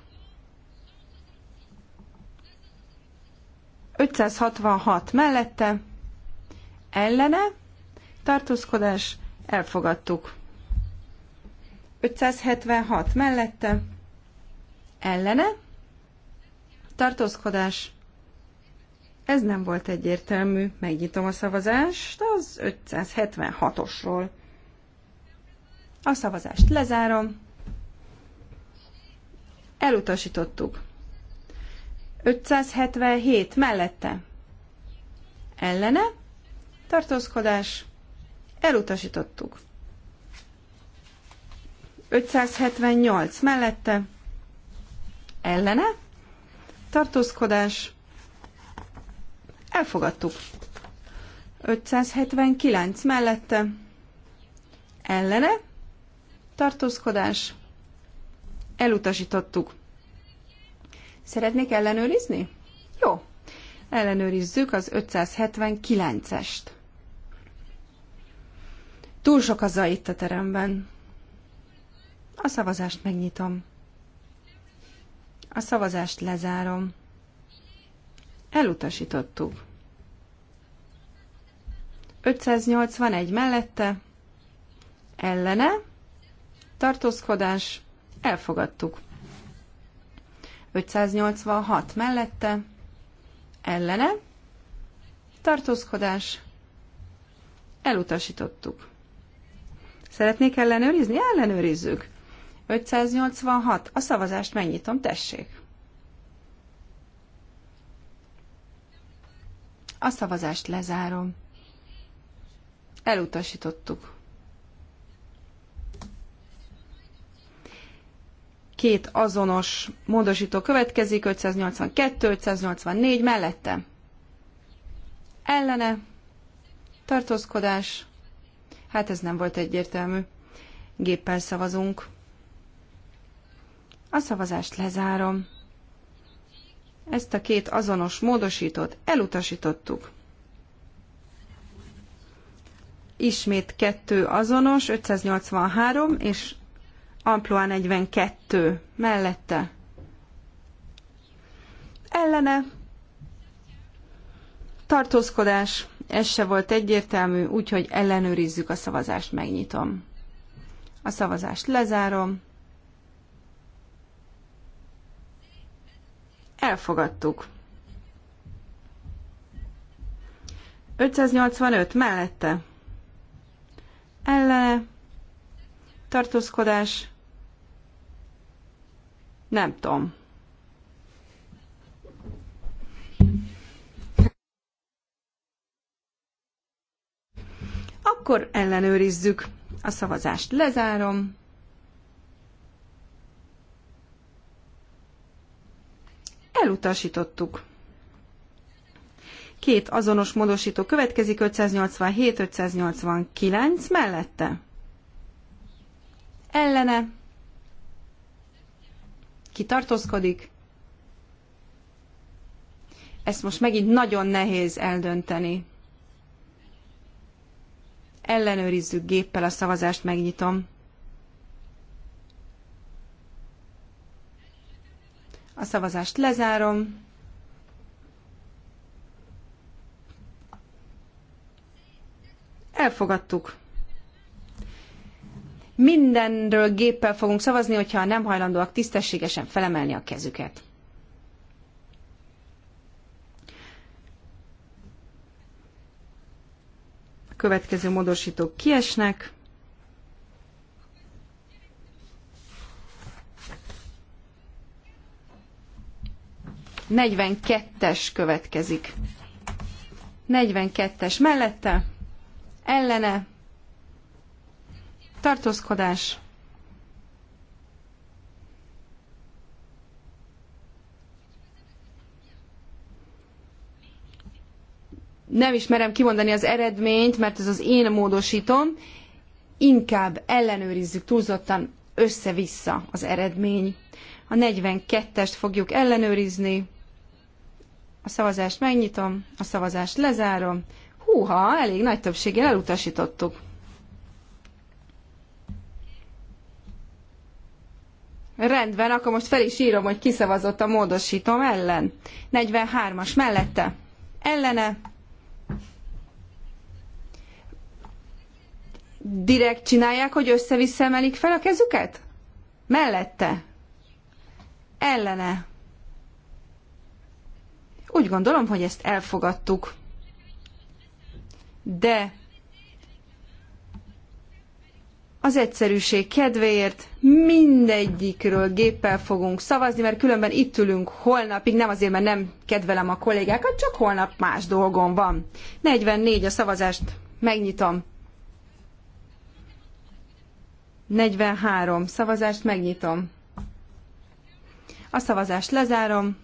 566 mellette, ellene, tartózkodás, elfogadtuk. 576 mellette, ellene, tartózkodás, ez nem volt egyértelmű, megnyitom a szavazást az 576-osról. A szavazást lezárom elutasítottuk. 577 mellette. Ellene, tartózkodás, elutasítottuk. 578 mellette. Ellene, tartózkodás, elfogadtuk. 579 mellette. Ellene, tartózkodás, Elutasítottuk. Szeretnék ellenőrizni? Jó. Ellenőrizzük az 579-est. Túl sok az a itt a teremben. A szavazást megnyitom. A szavazást lezárom. Elutasítottuk. 581 mellette, ellene, tartózkodás, elfogadtuk. 586 mellette, ellene, tartózkodás, elutasítottuk. Szeretnék ellenőrizni? Ellenőrizzük. 586. A szavazást megnyitom, tessék. A szavazást lezárom. Elutasítottuk. két azonos módosító következik, 582, 584 mellette. Ellene, tartózkodás, hát ez nem volt egyértelmű. Géppel szavazunk. A szavazást lezárom. Ezt a két azonos módosítót elutasítottuk. Ismét kettő azonos, 583 és Amploa 42 mellette. Ellene. Tartózkodás. Ez se volt egyértelmű, úgyhogy ellenőrizzük a szavazást, megnyitom. A szavazást lezárom. Elfogadtuk. 585 mellette. Ellene. Tartózkodás nem tudom. Akkor ellenőrizzük. A szavazást lezárom. Elutasítottuk. Két azonos módosító következik 587-589 mellette. Ellene ki tartózkodik. Ezt most megint nagyon nehéz eldönteni. Ellenőrizzük géppel a szavazást, megnyitom. A szavazást lezárom. Elfogadtuk. Mindenről géppel fogunk szavazni, hogyha nem hajlandóak tisztességesen felemelni a kezüket. A következő módosítók kiesnek. Negyvenkettes következik. Negyven kettes mellette, ellene, tartózkodás. Nem ismerem kimondani az eredményt, mert ez az én módosítom. Inkább ellenőrizzük túlzottan össze-vissza az eredmény. A 42-est fogjuk ellenőrizni. A szavazást megnyitom, a szavazást lezárom. Húha, elég nagy többséggel elutasítottuk. Rendben, akkor most fel is írom, hogy kiszavazott a módosítom ellen. 43-as mellette. Ellene. Direkt csinálják, hogy össze-vissza emelik fel a kezüket? Mellette. Ellene. Úgy gondolom, hogy ezt elfogadtuk. De az egyszerűség kedvéért mindegyikről géppel fogunk szavazni, mert különben itt ülünk holnapig, nem azért, mert nem kedvelem a kollégákat, csak holnap más dolgom van. 44 a szavazást megnyitom. 43 szavazást megnyitom. A szavazást lezárom.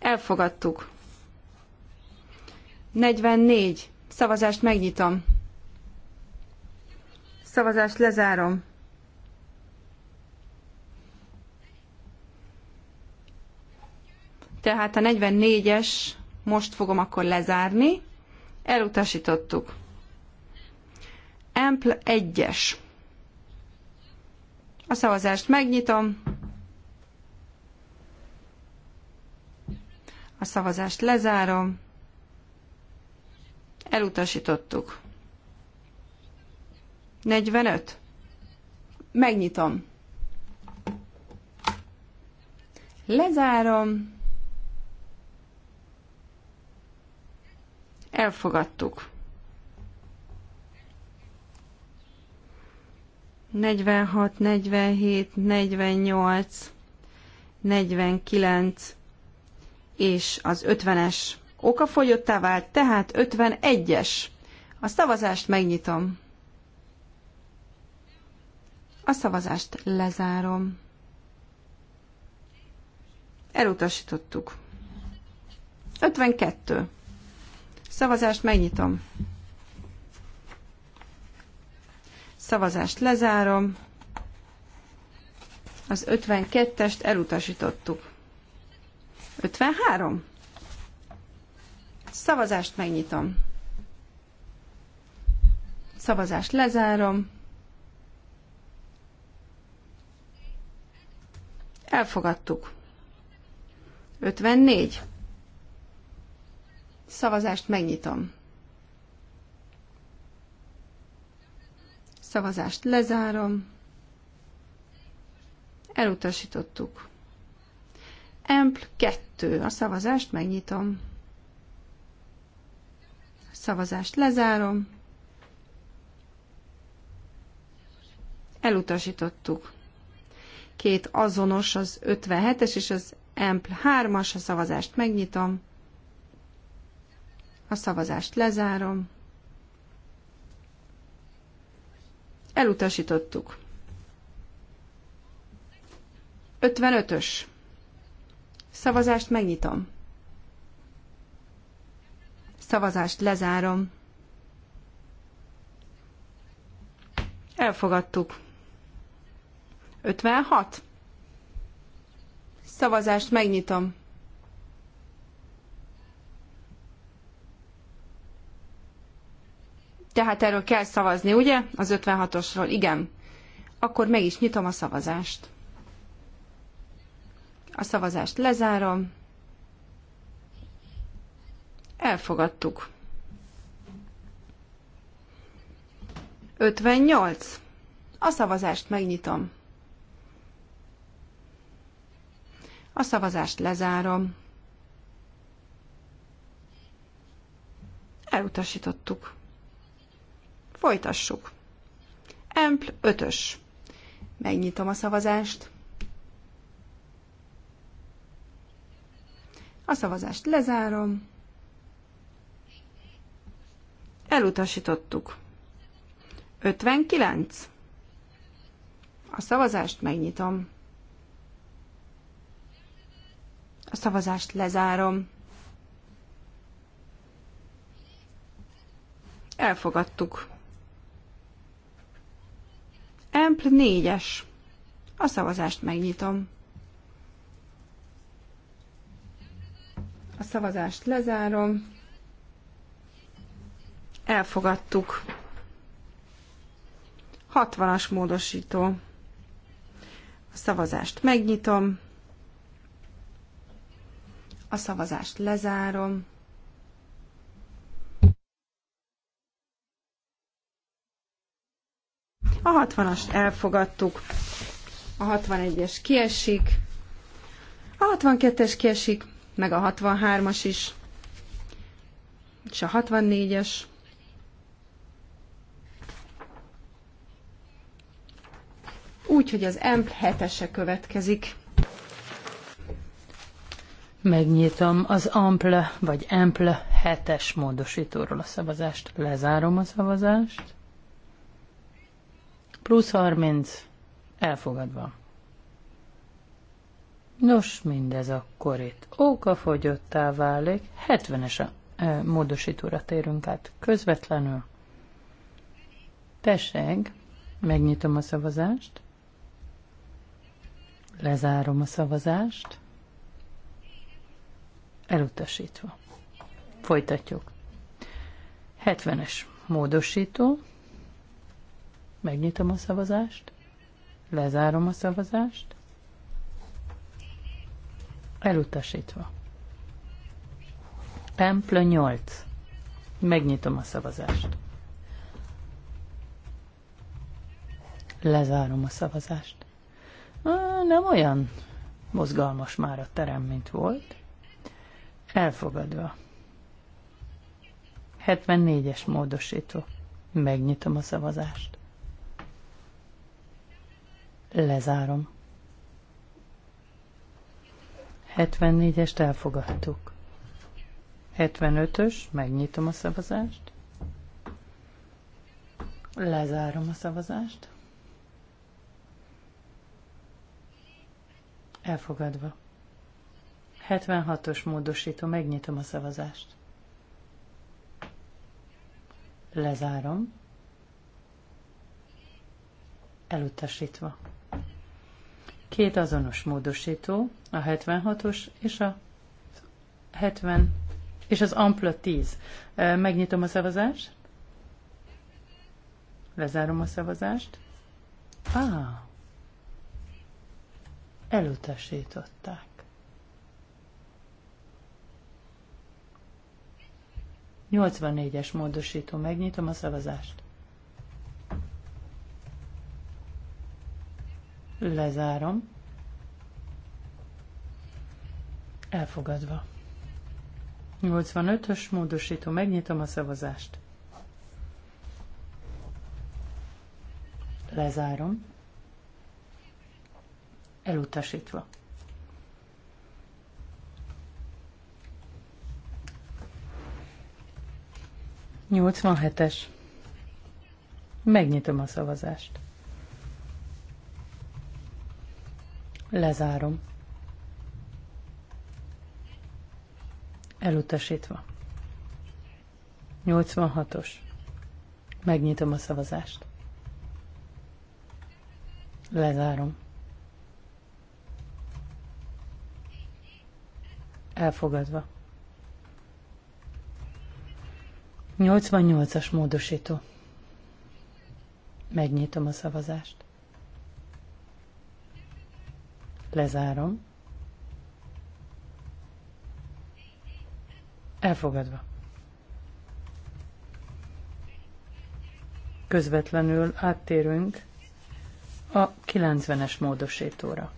Elfogadtuk. 44 szavazást megnyitom. Szavazást lezárom. Tehát a 44-es most fogom akkor lezárni. Elutasítottuk. Ampl 1-es. A szavazást megnyitom. A szavazást lezárom. Elutasítottuk. 45. Megnyitom. Lezárom. Elfogadtuk. 46, 47, 48, 49 és az 50-es okafogyottá vált, tehát 51-es. A szavazást megnyitom. A szavazást lezárom. Elutasítottuk. 52. Szavazást megnyitom. Szavazást lezárom. Az 52-est elutasítottuk. 53. Szavazást megnyitom. Szavazást lezárom. Elfogadtuk. 54. Szavazást megnyitom. Szavazást lezárom. Elutasítottuk. Empl 2. A szavazást megnyitom. Szavazást lezárom. Elutasítottuk két azonos, az 57-es és az EMPL 3-as, a szavazást megnyitom, a szavazást lezárom, elutasítottuk. 55-ös. Szavazást megnyitom. Szavazást lezárom. Elfogadtuk. 56. Szavazást megnyitom. Tehát erről kell szavazni, ugye? Az 56-osról, igen. Akkor meg is nyitom a szavazást. A szavazást lezárom. Elfogadtuk. 58. A szavazást megnyitom. A szavazást lezárom. Elutasítottuk. Folytassuk. Empl 5-ös. Megnyitom a szavazást. A szavazást lezárom. Elutasítottuk. 59. A szavazást megnyitom. A szavazást lezárom. Elfogadtuk. Empl 4-es. A szavazást megnyitom. A szavazást lezárom. Elfogadtuk. 60-as módosító. A szavazást megnyitom. A szavazást lezárom. A 60-ast elfogadtuk. A 61-es kiesik. A 62-es kiesik, meg a 63-as is. És a 64-es. Úgyhogy az M 7-ese
következik. Megnyitom az ample vagy ample hetes módosítóról a szavazást. Lezárom a szavazást. Plusz 30. Elfogadva. Nos, mindez akkor itt ókafogyottá válik. 70-es e, eh, módosítóra térünk át közvetlenül. Tessék, megnyitom a szavazást. Lezárom a szavazást. Elutasítva. Folytatjuk. 70-es módosító. Megnyitom a szavazást. Lezárom a szavazást. Elutasítva. Templő 8. Megnyitom a szavazást. Lezárom a szavazást. Nem olyan mozgalmas már a terem, mint volt. Elfogadva. 74-es módosító. Megnyitom a szavazást. Lezárom. 74-est elfogadtuk. 75-ös, megnyitom a szavazást. Lezárom a szavazást. Elfogadva. 76-os módosító, megnyitom a szavazást. Lezárom. Elutasítva. Két azonos módosító, a 76-os és a 70 és az Ampla 10. Megnyitom a szavazást. Lezárom a szavazást. Á, ah, elutasították. 84-es módosító. Megnyitom a szavazást. Lezárom. Elfogadva. 85-ös módosító. Megnyitom a szavazást. Lezárom. Elutasítva. 87-es. Megnyitom a szavazást. Lezárom. Elutasítva. 86-os. Megnyitom a szavazást. Lezárom. Elfogadva. 88-as módosító. Megnyitom a szavazást. Lezárom. Elfogadva. Közvetlenül áttérünk a 90-es módosítóra.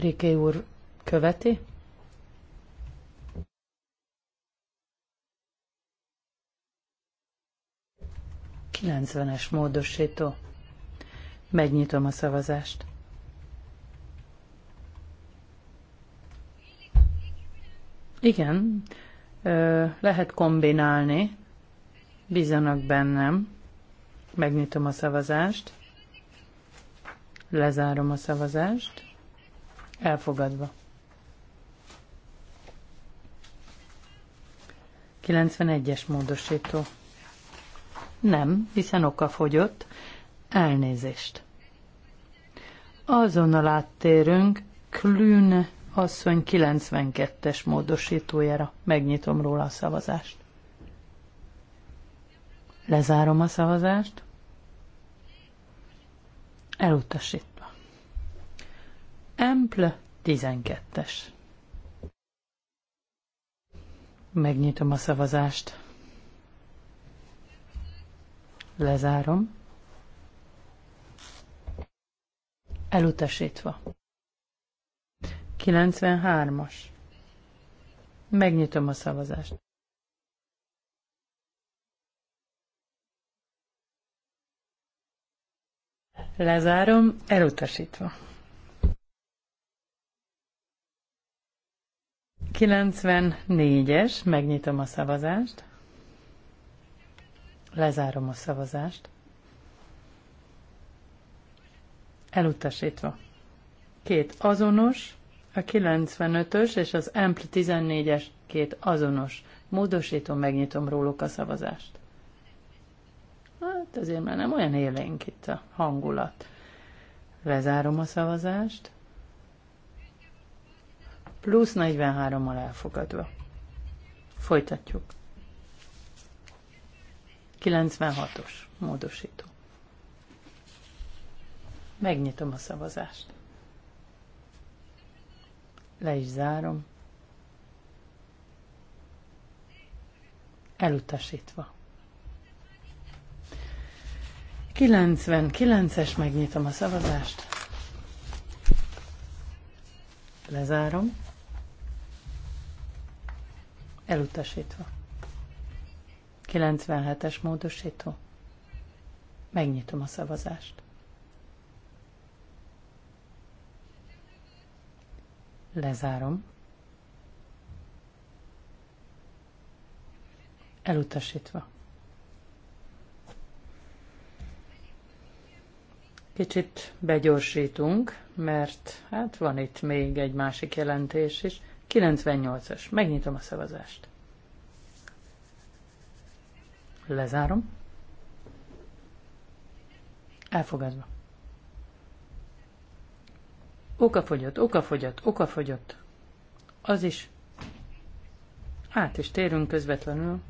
Riké úr követi. Kilencvenes módosító. Megnyitom a szavazást. Igen, lehet kombinálni, bízanak bennem. Megnyitom a szavazást, lezárom a szavazást. Elfogadva. 91-es módosító. Nem, hiszen oka fogyott. Elnézést. Azonnal áttérünk Klün asszony 92-es módosítójára. Megnyitom róla a szavazást. Lezárom a szavazást. Elutasít. Ample 12-es. Megnyitom a szavazást. Lezárom. Elutasítva. 93-as. Megnyitom a szavazást. Lezárom, elutasítva. 94-es, megnyitom a szavazást. Lezárom a szavazást. Elutasítva. Két azonos, a 95-ös és az Ampli 14-es két azonos. Módosítom, megnyitom róluk a szavazást. Hát azért már nem olyan élénk itt a hangulat. Lezárom a szavazást plusz 43-mal elfogadva. Folytatjuk. 96-os módosító. Megnyitom a szavazást. Le is zárom. Elutasítva. 99-es, megnyitom a szavazást. Lezárom. Elutasítva. 97-es módosító. Megnyitom a szavazást. Lezárom. Elutasítva. Kicsit begyorsítunk, mert hát van itt még egy másik jelentés is. 98-as. Megnyitom a szavazást. Lezárom. Elfogadva. Okafogyott, okafogyott, okafogyott. Az is. Hát és térünk közvetlenül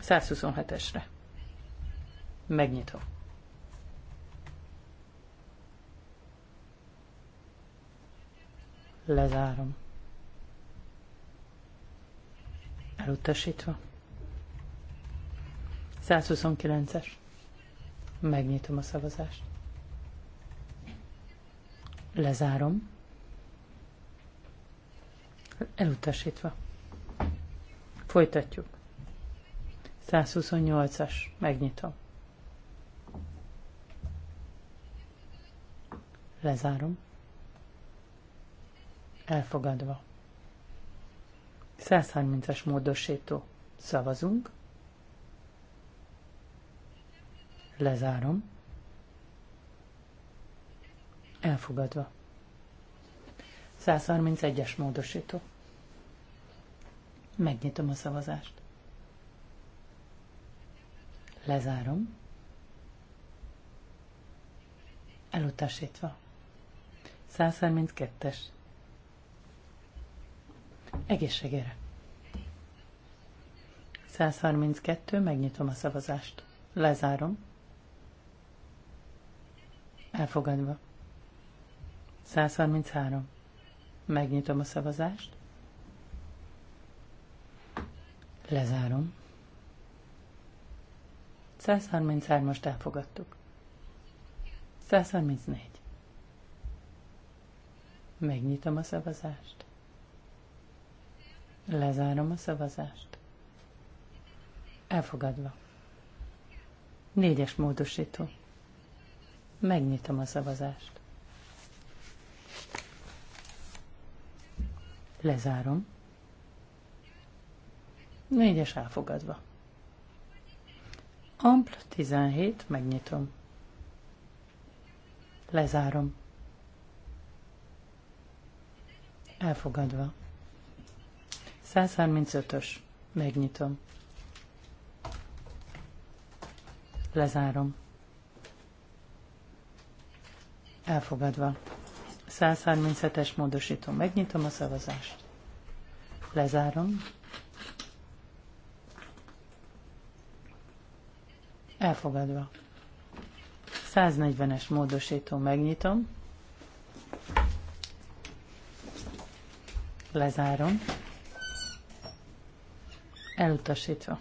127-esre. Megnyitom. Lezárom. Elutasítva. 129-es. Megnyitom a szavazást. Lezárom. Elutasítva. Folytatjuk. 128-as. Megnyitom. Lezárom. Elfogadva. 130-as módosító. Szavazunk. Lezárom. Elfogadva. 131-es módosító. Megnyitom a szavazást. Lezárom. Elutasítva. 132-es. Egészségére. 132, megnyitom a szavazást. Lezárom. Elfogadva. 133. Megnyitom a szavazást. Lezárom. 133-ast elfogadtuk. 134. Megnyitom a szavazást. Lezárom a szavazást. Elfogadva. Négyes módosító. Megnyitom a szavazást. Lezárom. Négyes elfogadva. Ampl 17, megnyitom. Lezárom. Elfogadva. 135-ös. Megnyitom. Lezárom. Elfogadva. 137-es módosító. Megnyitom a szavazást. Lezárom. Elfogadva. 140-es módosító. Megnyitom. Lezárom. Elutasítva.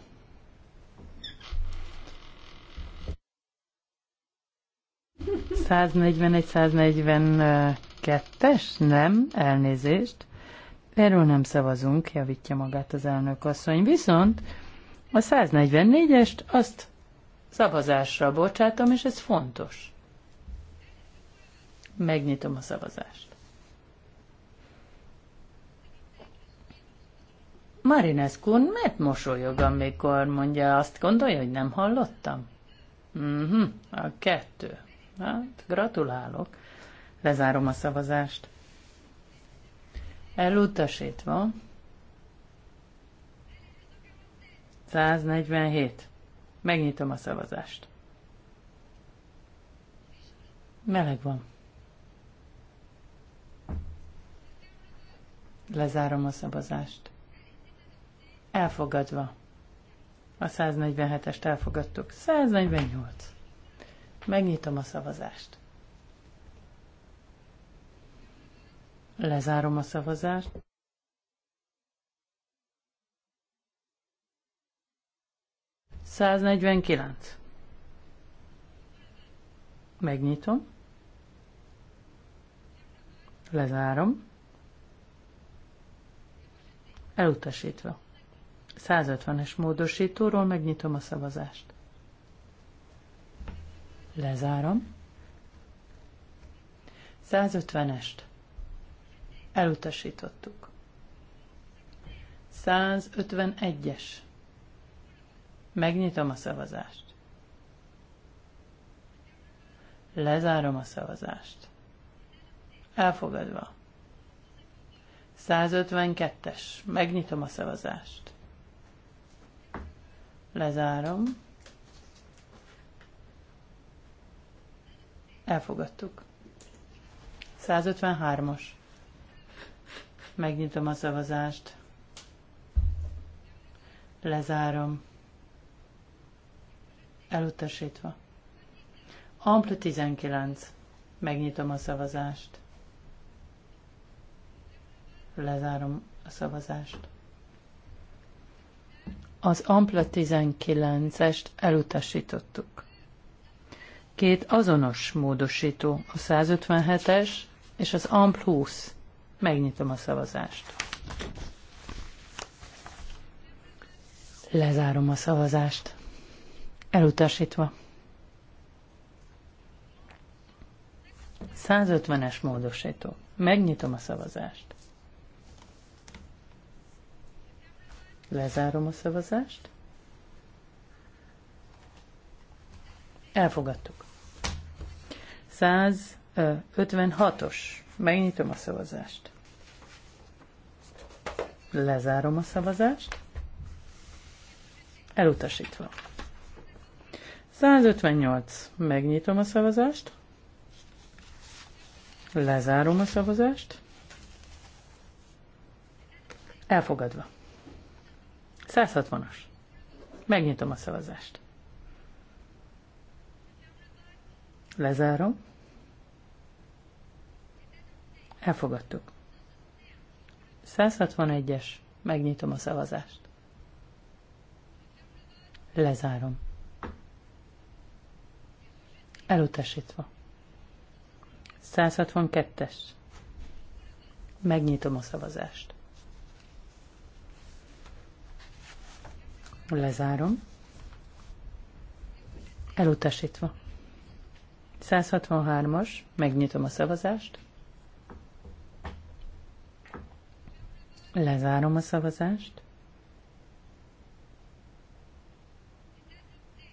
Száznegyvenegy, 142-es? Nem, elnézést. Erről nem szavazunk, javítja magát az elnök asszony. Viszont a 144-est azt szavazásra bocsátom, és ez fontos. Megnyitom a szavazást. Marinescu miért mosolyog, amikor mondja, azt gondolja, hogy nem hallottam? Mhm, a kettő. Hát, gratulálok. Lezárom a szavazást. Elutasítva. 147. Megnyitom a szavazást. Meleg van. Lezárom a szavazást. Elfogadva. A 147-est elfogadtuk. 148. Megnyitom a szavazást. Lezárom a szavazást. Száznegyvenkilenc. Megnyitom. Lezárom. Elutasítva. 150-es módosítóról megnyitom a szavazást. Lezárom. 150-est. Elutasítottuk. 151-es. Megnyitom a szavazást. Lezárom a szavazást. Elfogadva. 152-es. Megnyitom a szavazást. Lezárom. Elfogadtuk. 153-as. Megnyitom a szavazást. Lezárom. Elutasítva. Ampli 19. Megnyitom a szavazást. Lezárom a szavazást. Az Ampla 19-est elutasítottuk. Két azonos módosító, a 157-es és az Ampl 20. Megnyitom a szavazást. Lezárom a szavazást. Elutasítva. 150-es módosító. Megnyitom a szavazást. Lezárom a szavazást. Elfogadtuk. 156-os. Megnyitom a szavazást. Lezárom a szavazást. Elutasítva. 158. Megnyitom a szavazást. Lezárom a szavazást. Elfogadva. 160-as. Megnyitom a szavazást. Lezárom. Elfogadtuk. 161-es. Megnyitom a szavazást. Lezárom. Elutasítva. 162-es. Megnyitom a szavazást. Lezárom. Elutasítva. 163-as, megnyitom a szavazást. Lezárom a szavazást.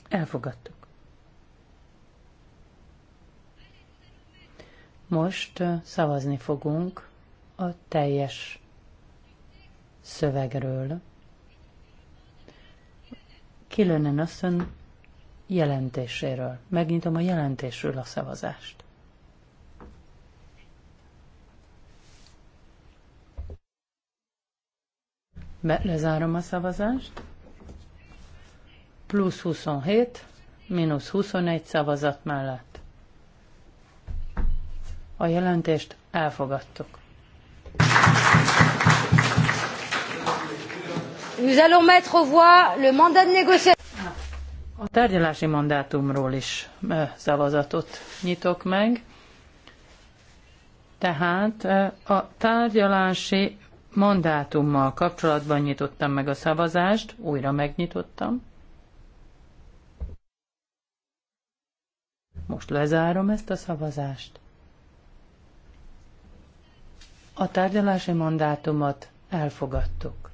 Elfogadtuk. Most szavazni fogunk a teljes szövegről. Kilönen asszony jelentéséről. Megnyitom a jelentésről a szavazást. Be, lezárom a szavazást. Plusz 27, mínusz 21 szavazat mellett. A jelentést elfogadtuk. Nous allons mettre voix le mandat de négociation. A tárgyalási mandátumról is szavazatot nyitok meg. Tehát a tárgyalási mandátummal kapcsolatban nyitottam meg a szavazást, újra megnyitottam. Most lezárom ezt a szavazást. A tárgyalási mandátumot elfogadtuk.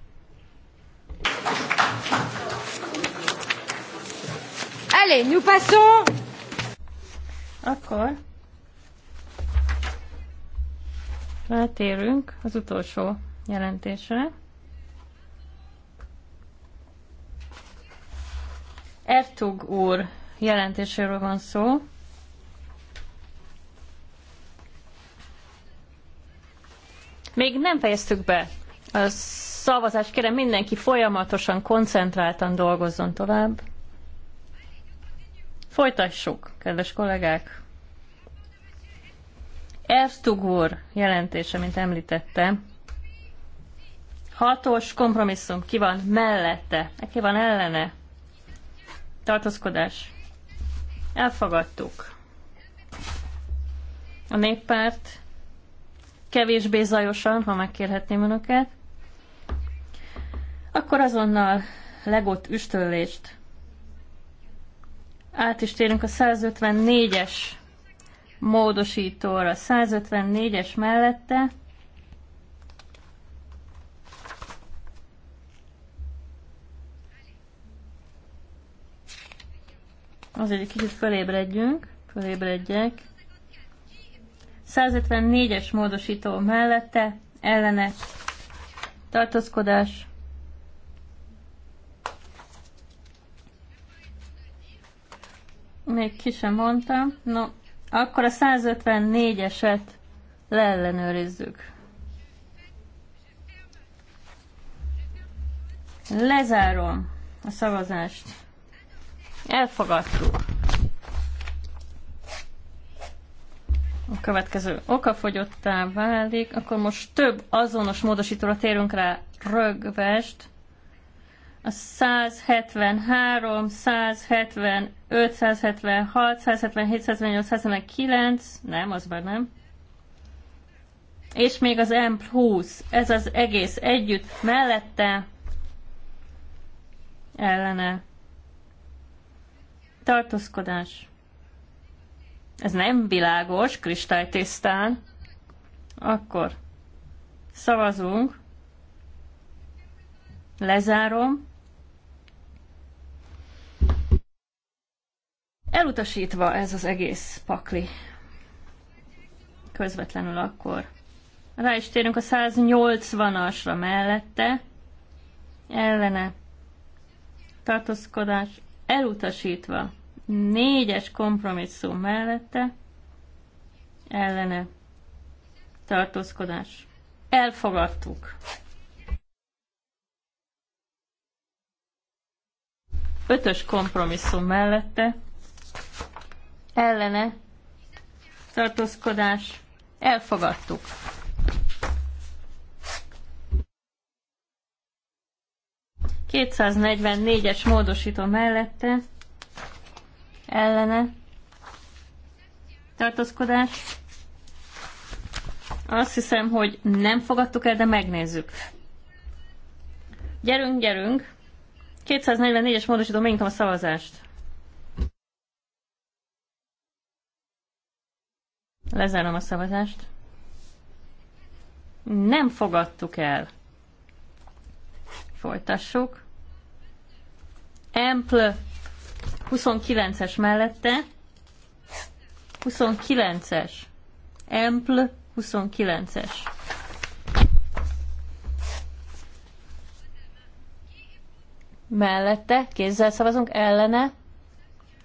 Allez, nous passons. Akkor rátérünk az utolsó jelentésre. Ertug úr jelentéséről van szó. Még nem fejeztük be az szavazást. Kérem, mindenki folyamatosan, koncentráltan dolgozzon tovább. Folytassuk, kedves kollégák! Erztugur jelentése, mint említette, hatos kompromisszum, ki van mellette, ki van ellene, tartózkodás. Elfogadtuk. A néppárt kevésbé zajosan, ha megkérhetném önöket, akkor azonnal legott üstöllést. Át is térünk a 154-es módosítóra. 154-es mellette Azért egy kicsit fölébredjünk, fölébredjek. 154-es módosító mellette ellene tartózkodás még ki sem mondtam. No, akkor a 154-eset leellenőrizzük. Lezárom a szavazást. Elfogadtuk. A következő okafogyottá válik, akkor most több azonos módosítóra térünk rá rögvest. A 173, 175, 576, 177, 178, 179, nem, az már nem. És még az m plusz, ez az egész együtt, mellette, ellene. Tartózkodás. Ez nem világos, kristálytisztán. Akkor szavazunk. Lezárom. Elutasítva ez az egész pakli. Közvetlenül akkor. Rá is térünk a 180-asra mellette. Ellene. Tartózkodás elutasítva. Négyes kompromisszum mellette. Ellene. Tartózkodás. Elfogadtuk. ötös kompromisszum mellette ellene tartózkodás elfogadtuk. es módosító mellette ellene tartózkodás. Azt hiszem, hogy nem fogadtuk el, de megnézzük. Gyerünk, gyerünk! 244-es módosító, megnyitom a szavazást. Lezárom a szavazást. Nem fogadtuk el. Folytassuk. Ample 29-es mellette. 29-es. Ample 29-es. Mellette, kézzel szavazunk, ellene,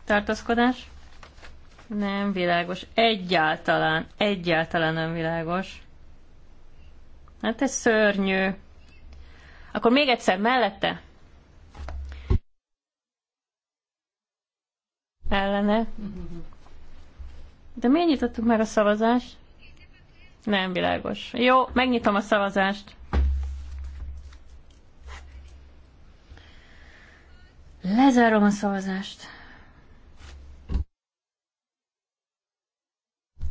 tartózkodás. Nem világos. Egyáltalán, egyáltalán nem világos. Hát ez szörnyű. Akkor még egyszer mellette. Ellene. De miért nyitottuk meg a szavazást? Nem világos. Jó, megnyitom a szavazást. Lezárom a szavazást.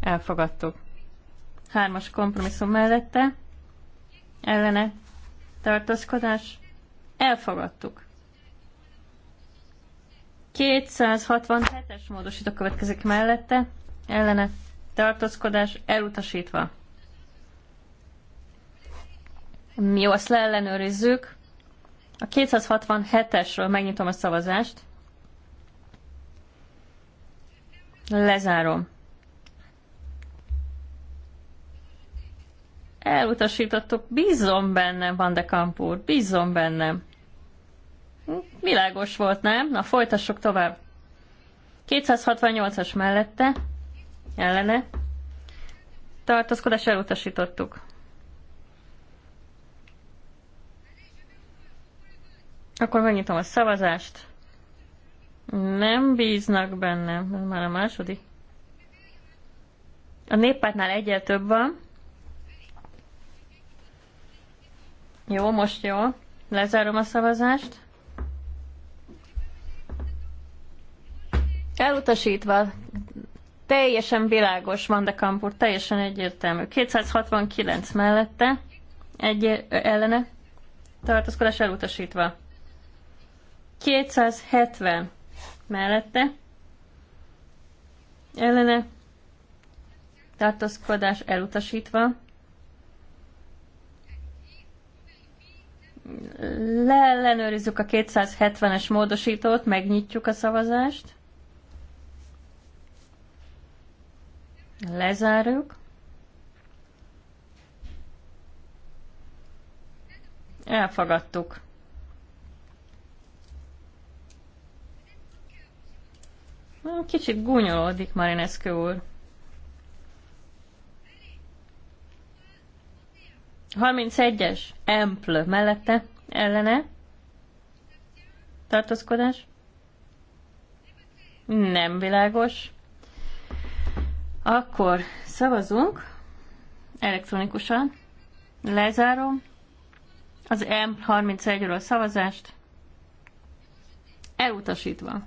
elfogadtuk. Hármas kompromisszum mellette ellene tartózkodás elfogadtuk. 267-es módosító következik mellette, ellene tartózkodás elutasítva. Mi azt leellenőrizzük. A 267-esről megnyitom a szavazást. Lezárom. elutasítottuk. Bízom benne, Van de Kampur, bízom benne. Világos volt, nem? Na, folytassuk tovább. 268-as mellette, ellene, tartózkodás elutasítottuk. Akkor megnyitom a szavazást. Nem bíznak bennem. Ez már a második. A néppártnál egyel több van. Jó, most jó. Lezárom a szavazást. Elutasítva. Teljesen világos, Van de Kampur, teljesen egyértelmű. 269 mellette, egy ellene, tartózkodás elutasítva. 270 mellette, ellene, tartózkodás elutasítva. leellenőrizzük a 270-es módosítót, megnyitjuk a szavazást. Lezárjuk. Elfogadtuk. Kicsit gúnyolódik Marinescu úr. 31-es empl mellette ellene tartózkodás. Nem világos. Akkor szavazunk elektronikusan. Lezárom az M31-ről szavazást. Elutasítva.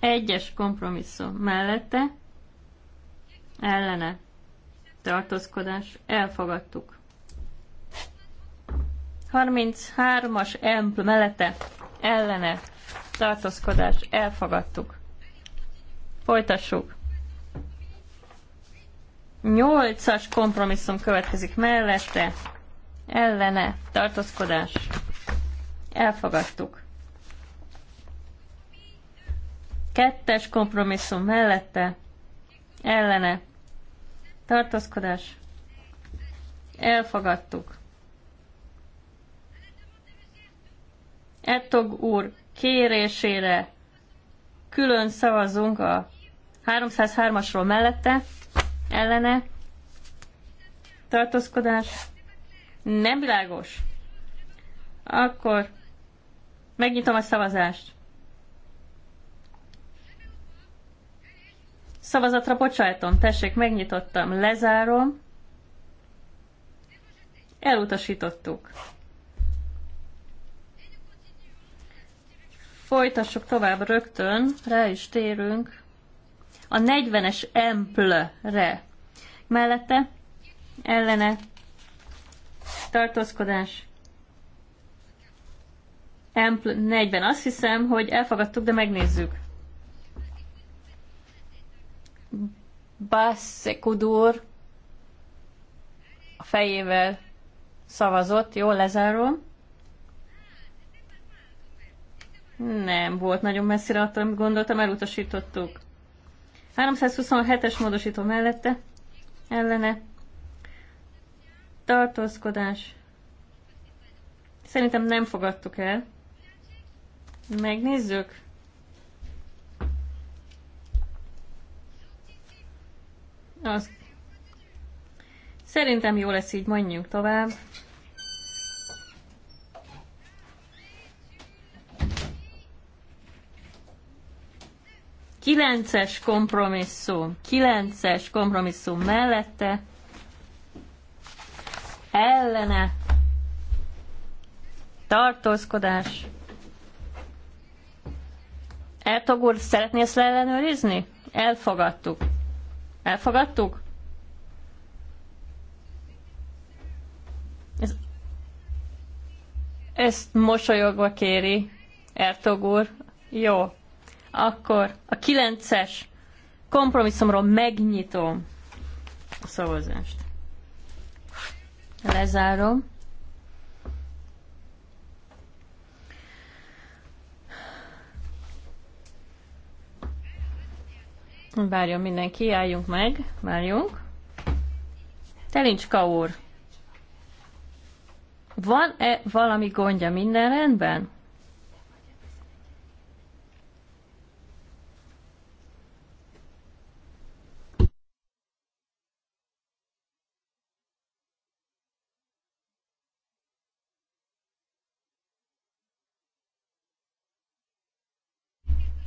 Egyes kompromisszum mellette ellene tartózkodás. Elfogadtuk. 33-as empl mellette ellene tartózkodás elfogadtuk. Folytassuk. 8-as kompromisszum következik mellette ellene tartózkodás elfogadtuk. Kettes kompromisszum mellette ellene tartózkodás elfogadtuk. Ettog úr kérésére külön szavazunk a 303-asról mellette, ellene, tartózkodás, nem világos. Akkor megnyitom a szavazást. Szavazatra bocsájtom, tessék, megnyitottam, lezárom. Elutasítottuk. Folytassuk tovább rögtön, rá is térünk a 40-es re Mellette ellene tartózkodás empl 40. Azt hiszem, hogy elfogadtuk, de megnézzük. Bassekudur a fejével szavazott, jól lezárom. Nem volt nagyon messzire attól, amit gondoltam, elutasítottuk. 327-es módosító mellette, ellene, tartózkodás. Szerintem nem fogadtuk el. Megnézzük. Azt. Szerintem jó lesz így, mondjuk tovább. kilences kompromisszum, kilences kompromisszum mellette, ellene, tartózkodás. Ertog úr, szeretné ezt leellenőrizni? Elfogadtuk. Elfogadtuk? Ez, ezt mosolyogva kéri Ertog úr. Jó, akkor a kilences kompromisszumról megnyitom a szavazást. Lezárom. Várjon mindenki, álljunk meg, várjunk. Telincska úr, van-e valami gondja, minden rendben?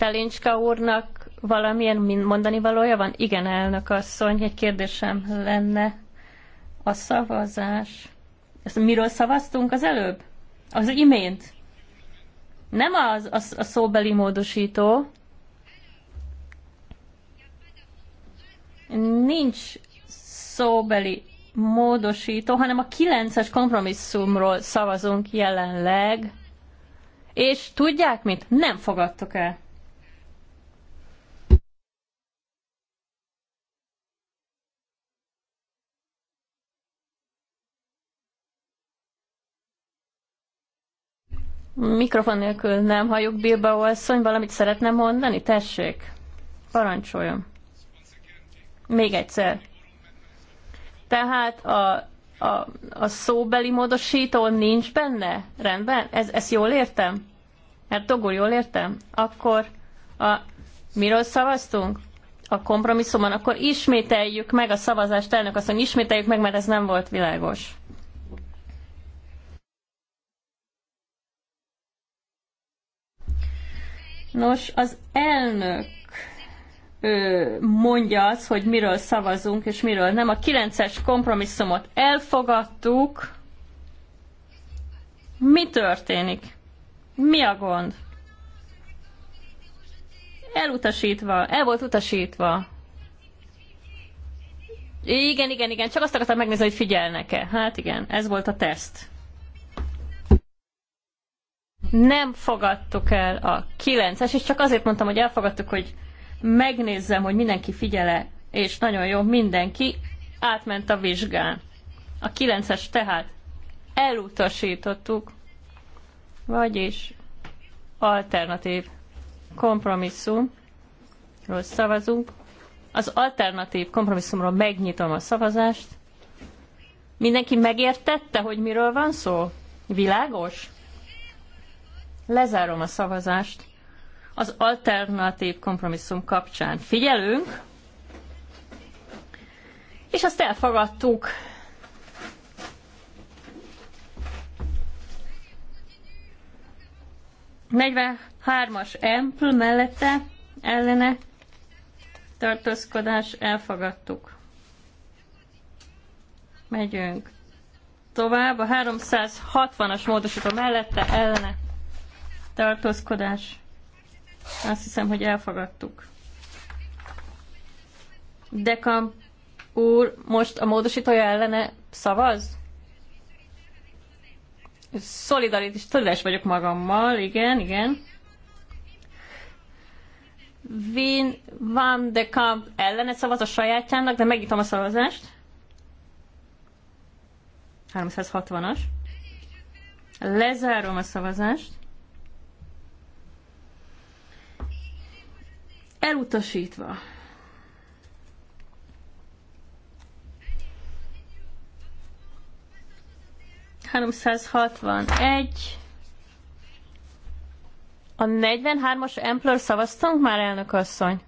Telinska úrnak valamilyen mondani valója van? Igen, elnök asszony, egy kérdésem lenne a szavazás. Ezt miről szavaztunk az előbb? Az imént? Nem az, az a szóbeli módosító. Nincs szóbeli módosító, hanem a 9-es kompromisszumról szavazunk jelenleg. És tudják mit? Nem fogadtok el. Mikrofon nélkül nem halljuk Bilbao asszony, valamit szeretne mondani? Tessék, parancsoljon. Még egyszer. Tehát a, a, a szóbeli módosító nincs benne? Rendben? Ez, ezt jól értem? Mert hát Dogul, jól értem? Akkor a, miről szavaztunk? A kompromisszumon, akkor ismételjük meg a szavazást, elnök azt ismételjük meg, mert ez nem volt világos. Nos, az elnök mondja azt, hogy miről szavazunk és miről nem. A 9-es kompromisszumot elfogadtuk. Mi történik? Mi a gond? Elutasítva, el volt utasítva. Igen, igen, igen, csak azt akartam megnézni, hogy figyelnek-e. Hát igen, ez volt a teszt nem fogadtuk el a 9-es, és csak azért mondtam, hogy elfogadtuk, hogy megnézzem, hogy mindenki figyele, és nagyon jó, mindenki átment a vizsgán. A 9-es tehát elutasítottuk, vagyis alternatív kompromisszumról szavazunk. Az alternatív kompromisszumról megnyitom a szavazást. Mindenki megértette, hogy miről van szó? Világos? Lezárom a szavazást az alternatív kompromisszum kapcsán. Figyelünk, és azt elfogadtuk. Hármas empl mellette ellene tartózkodás elfogadtuk. Megyünk tovább. A 360-as módosító mellette ellene tartózkodás. Azt hiszem, hogy elfogadtuk. Dekam úr most a módosítója ellene szavaz? Szolidaritás, tudás vagyok magammal, igen, igen. Vin Van de Kamp ellene szavaz a sajátjának, de megnyitom a szavazást. 360-as. Lezárom a szavazást. Elutasítva. Egy. A 43-as Empler szavaztunk már, elnök asszony?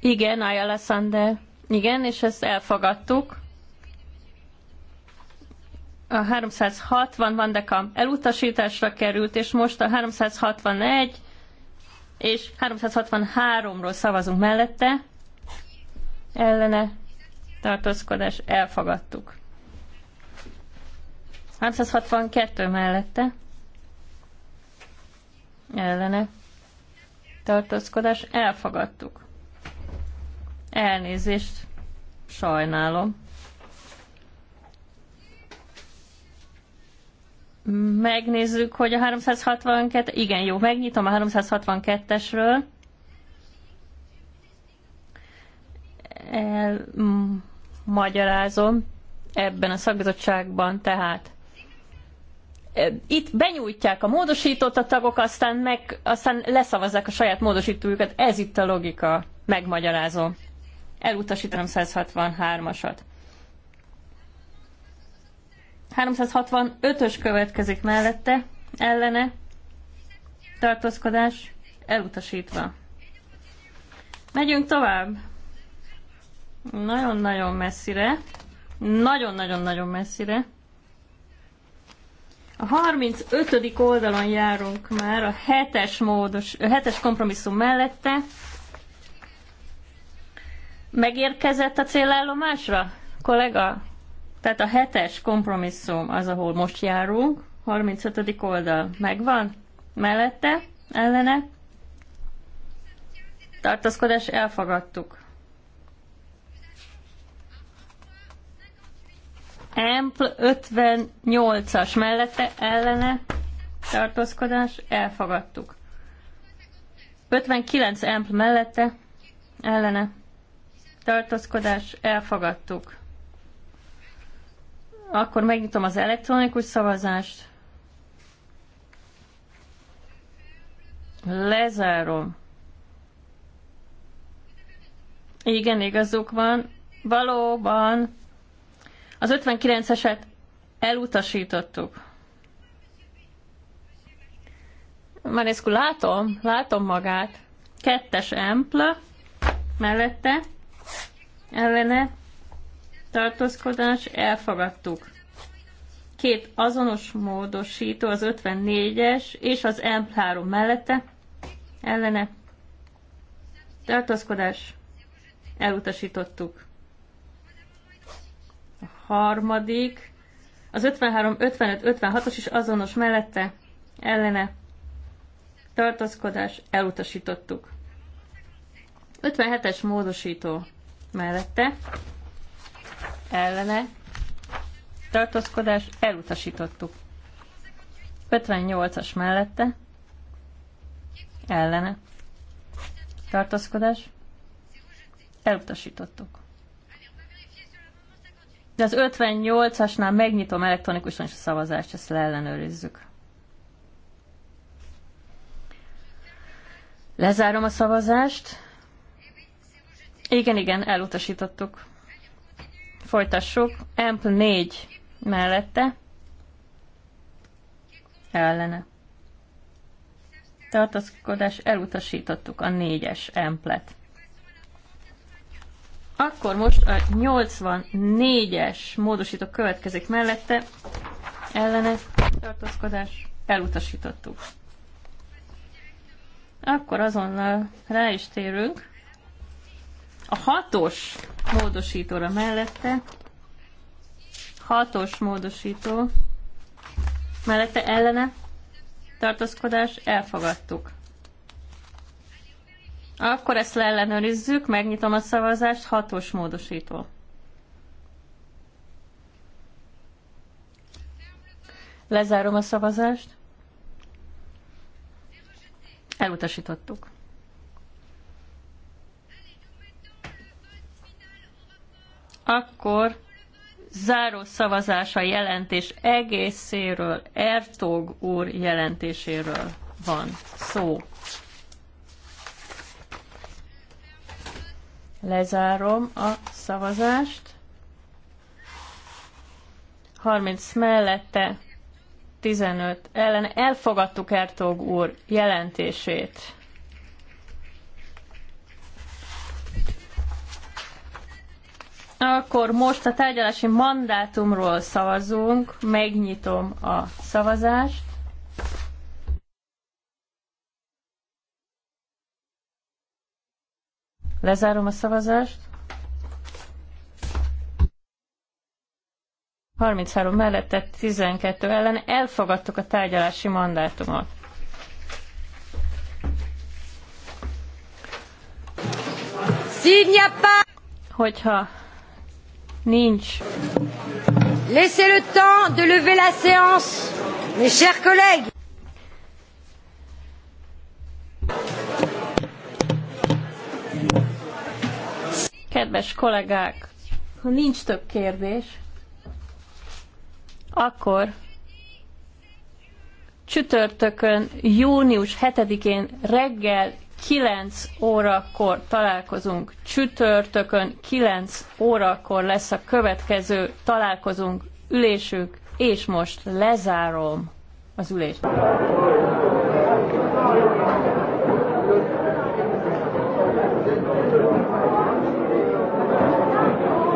Igen, Ayala Sander. Igen, és ezt elfogadtuk. A 360 Van de elutasításra került, és most a 361 és 363-ról szavazunk mellette, ellene tartózkodás elfogadtuk. 362 mellette ellene tartózkodás elfogadtuk. Elnézést, sajnálom. megnézzük, hogy a 362, igen, jó, megnyitom a 362-esről. Magyarázom ebben a szakbizottságban, tehát e, itt benyújtják a módosított a tagok, aztán, meg, aztán leszavazzák a saját módosítójukat. Ez itt a logika. Megmagyarázom. Elutasítom 163-asat. 365-ös következik mellette, ellene, tartózkodás, elutasítva. Megyünk tovább. Nagyon-nagyon messzire. Nagyon-nagyon-nagyon messzire. A 35. oldalon járunk már a 7-es, módos, 7-es kompromisszum mellette. Megérkezett a célállomásra, kollega? Tehát a hetes kompromisszum az, ahol most járunk, 35. oldal megvan, mellette, ellene, Tartaszkodás elfogadtuk. Ampl 58-as mellette, ellene, tartózkodás elfogadtuk. 59 Ampl mellette, ellene, tartózkodás elfogadtuk. Akkor megnyitom az elektronikus szavazást. Lezárom. Igen, igazuk van. Valóban. Az 59-eset elutasítottuk. Manescu, látom, látom magát. Kettes empl mellette, ellene tartózkodás, elfogadtuk. Két azonos módosító, az 54-es és az M3 mellette, ellene, tartózkodás, elutasítottuk. A harmadik, az 53, 55, 56-os is azonos mellette, ellene, tartózkodás, elutasítottuk. 57-es módosító mellette, ellene tartózkodás elutasítottuk. 58-as mellette ellene tartózkodás elutasítottuk. De az 58-asnál megnyitom elektronikusan is a szavazást, ezt leellenőrizzük. Lezárom a szavazást. Igen, igen, elutasítottuk. Folytassuk. Ample 4 mellette. Ellene. Tartaszkodás, elutasítottuk a 4-es amplet. Akkor most a 84-es módosító következik mellette. Ellene Tartaszkodás, elutasítottuk. Akkor azonnal rá is térünk a hatos módosítóra mellette, hatos módosító mellette ellene tartózkodás elfogadtuk. Akkor ezt leellenőrizzük, megnyitom a szavazást, hatos módosító. Lezárom a szavazást. Elutasítottuk. akkor záró szavazás a jelentés egészéről, Ertog úr jelentéséről van szó. Lezárom a szavazást. 30 mellette, 15 ellen. Elfogadtuk Ertog úr jelentését. Akkor most a tárgyalási mandátumról szavazunk, megnyitom a szavazást. Lezárom a szavazást. 33 mellette 12 ellen elfogadtuk a tárgyalási mandátumot. Hogyha Nincs. Laissez le temps de lever la séance, mes chers collègues. Kedves kollégák, ha nincs több kérdés, akkor csütörtökön, június 7-én reggel 9 órakor találkozunk csütörtökön, 9 órakor lesz a következő találkozunk, ülésünk, és most lezárom az ülést.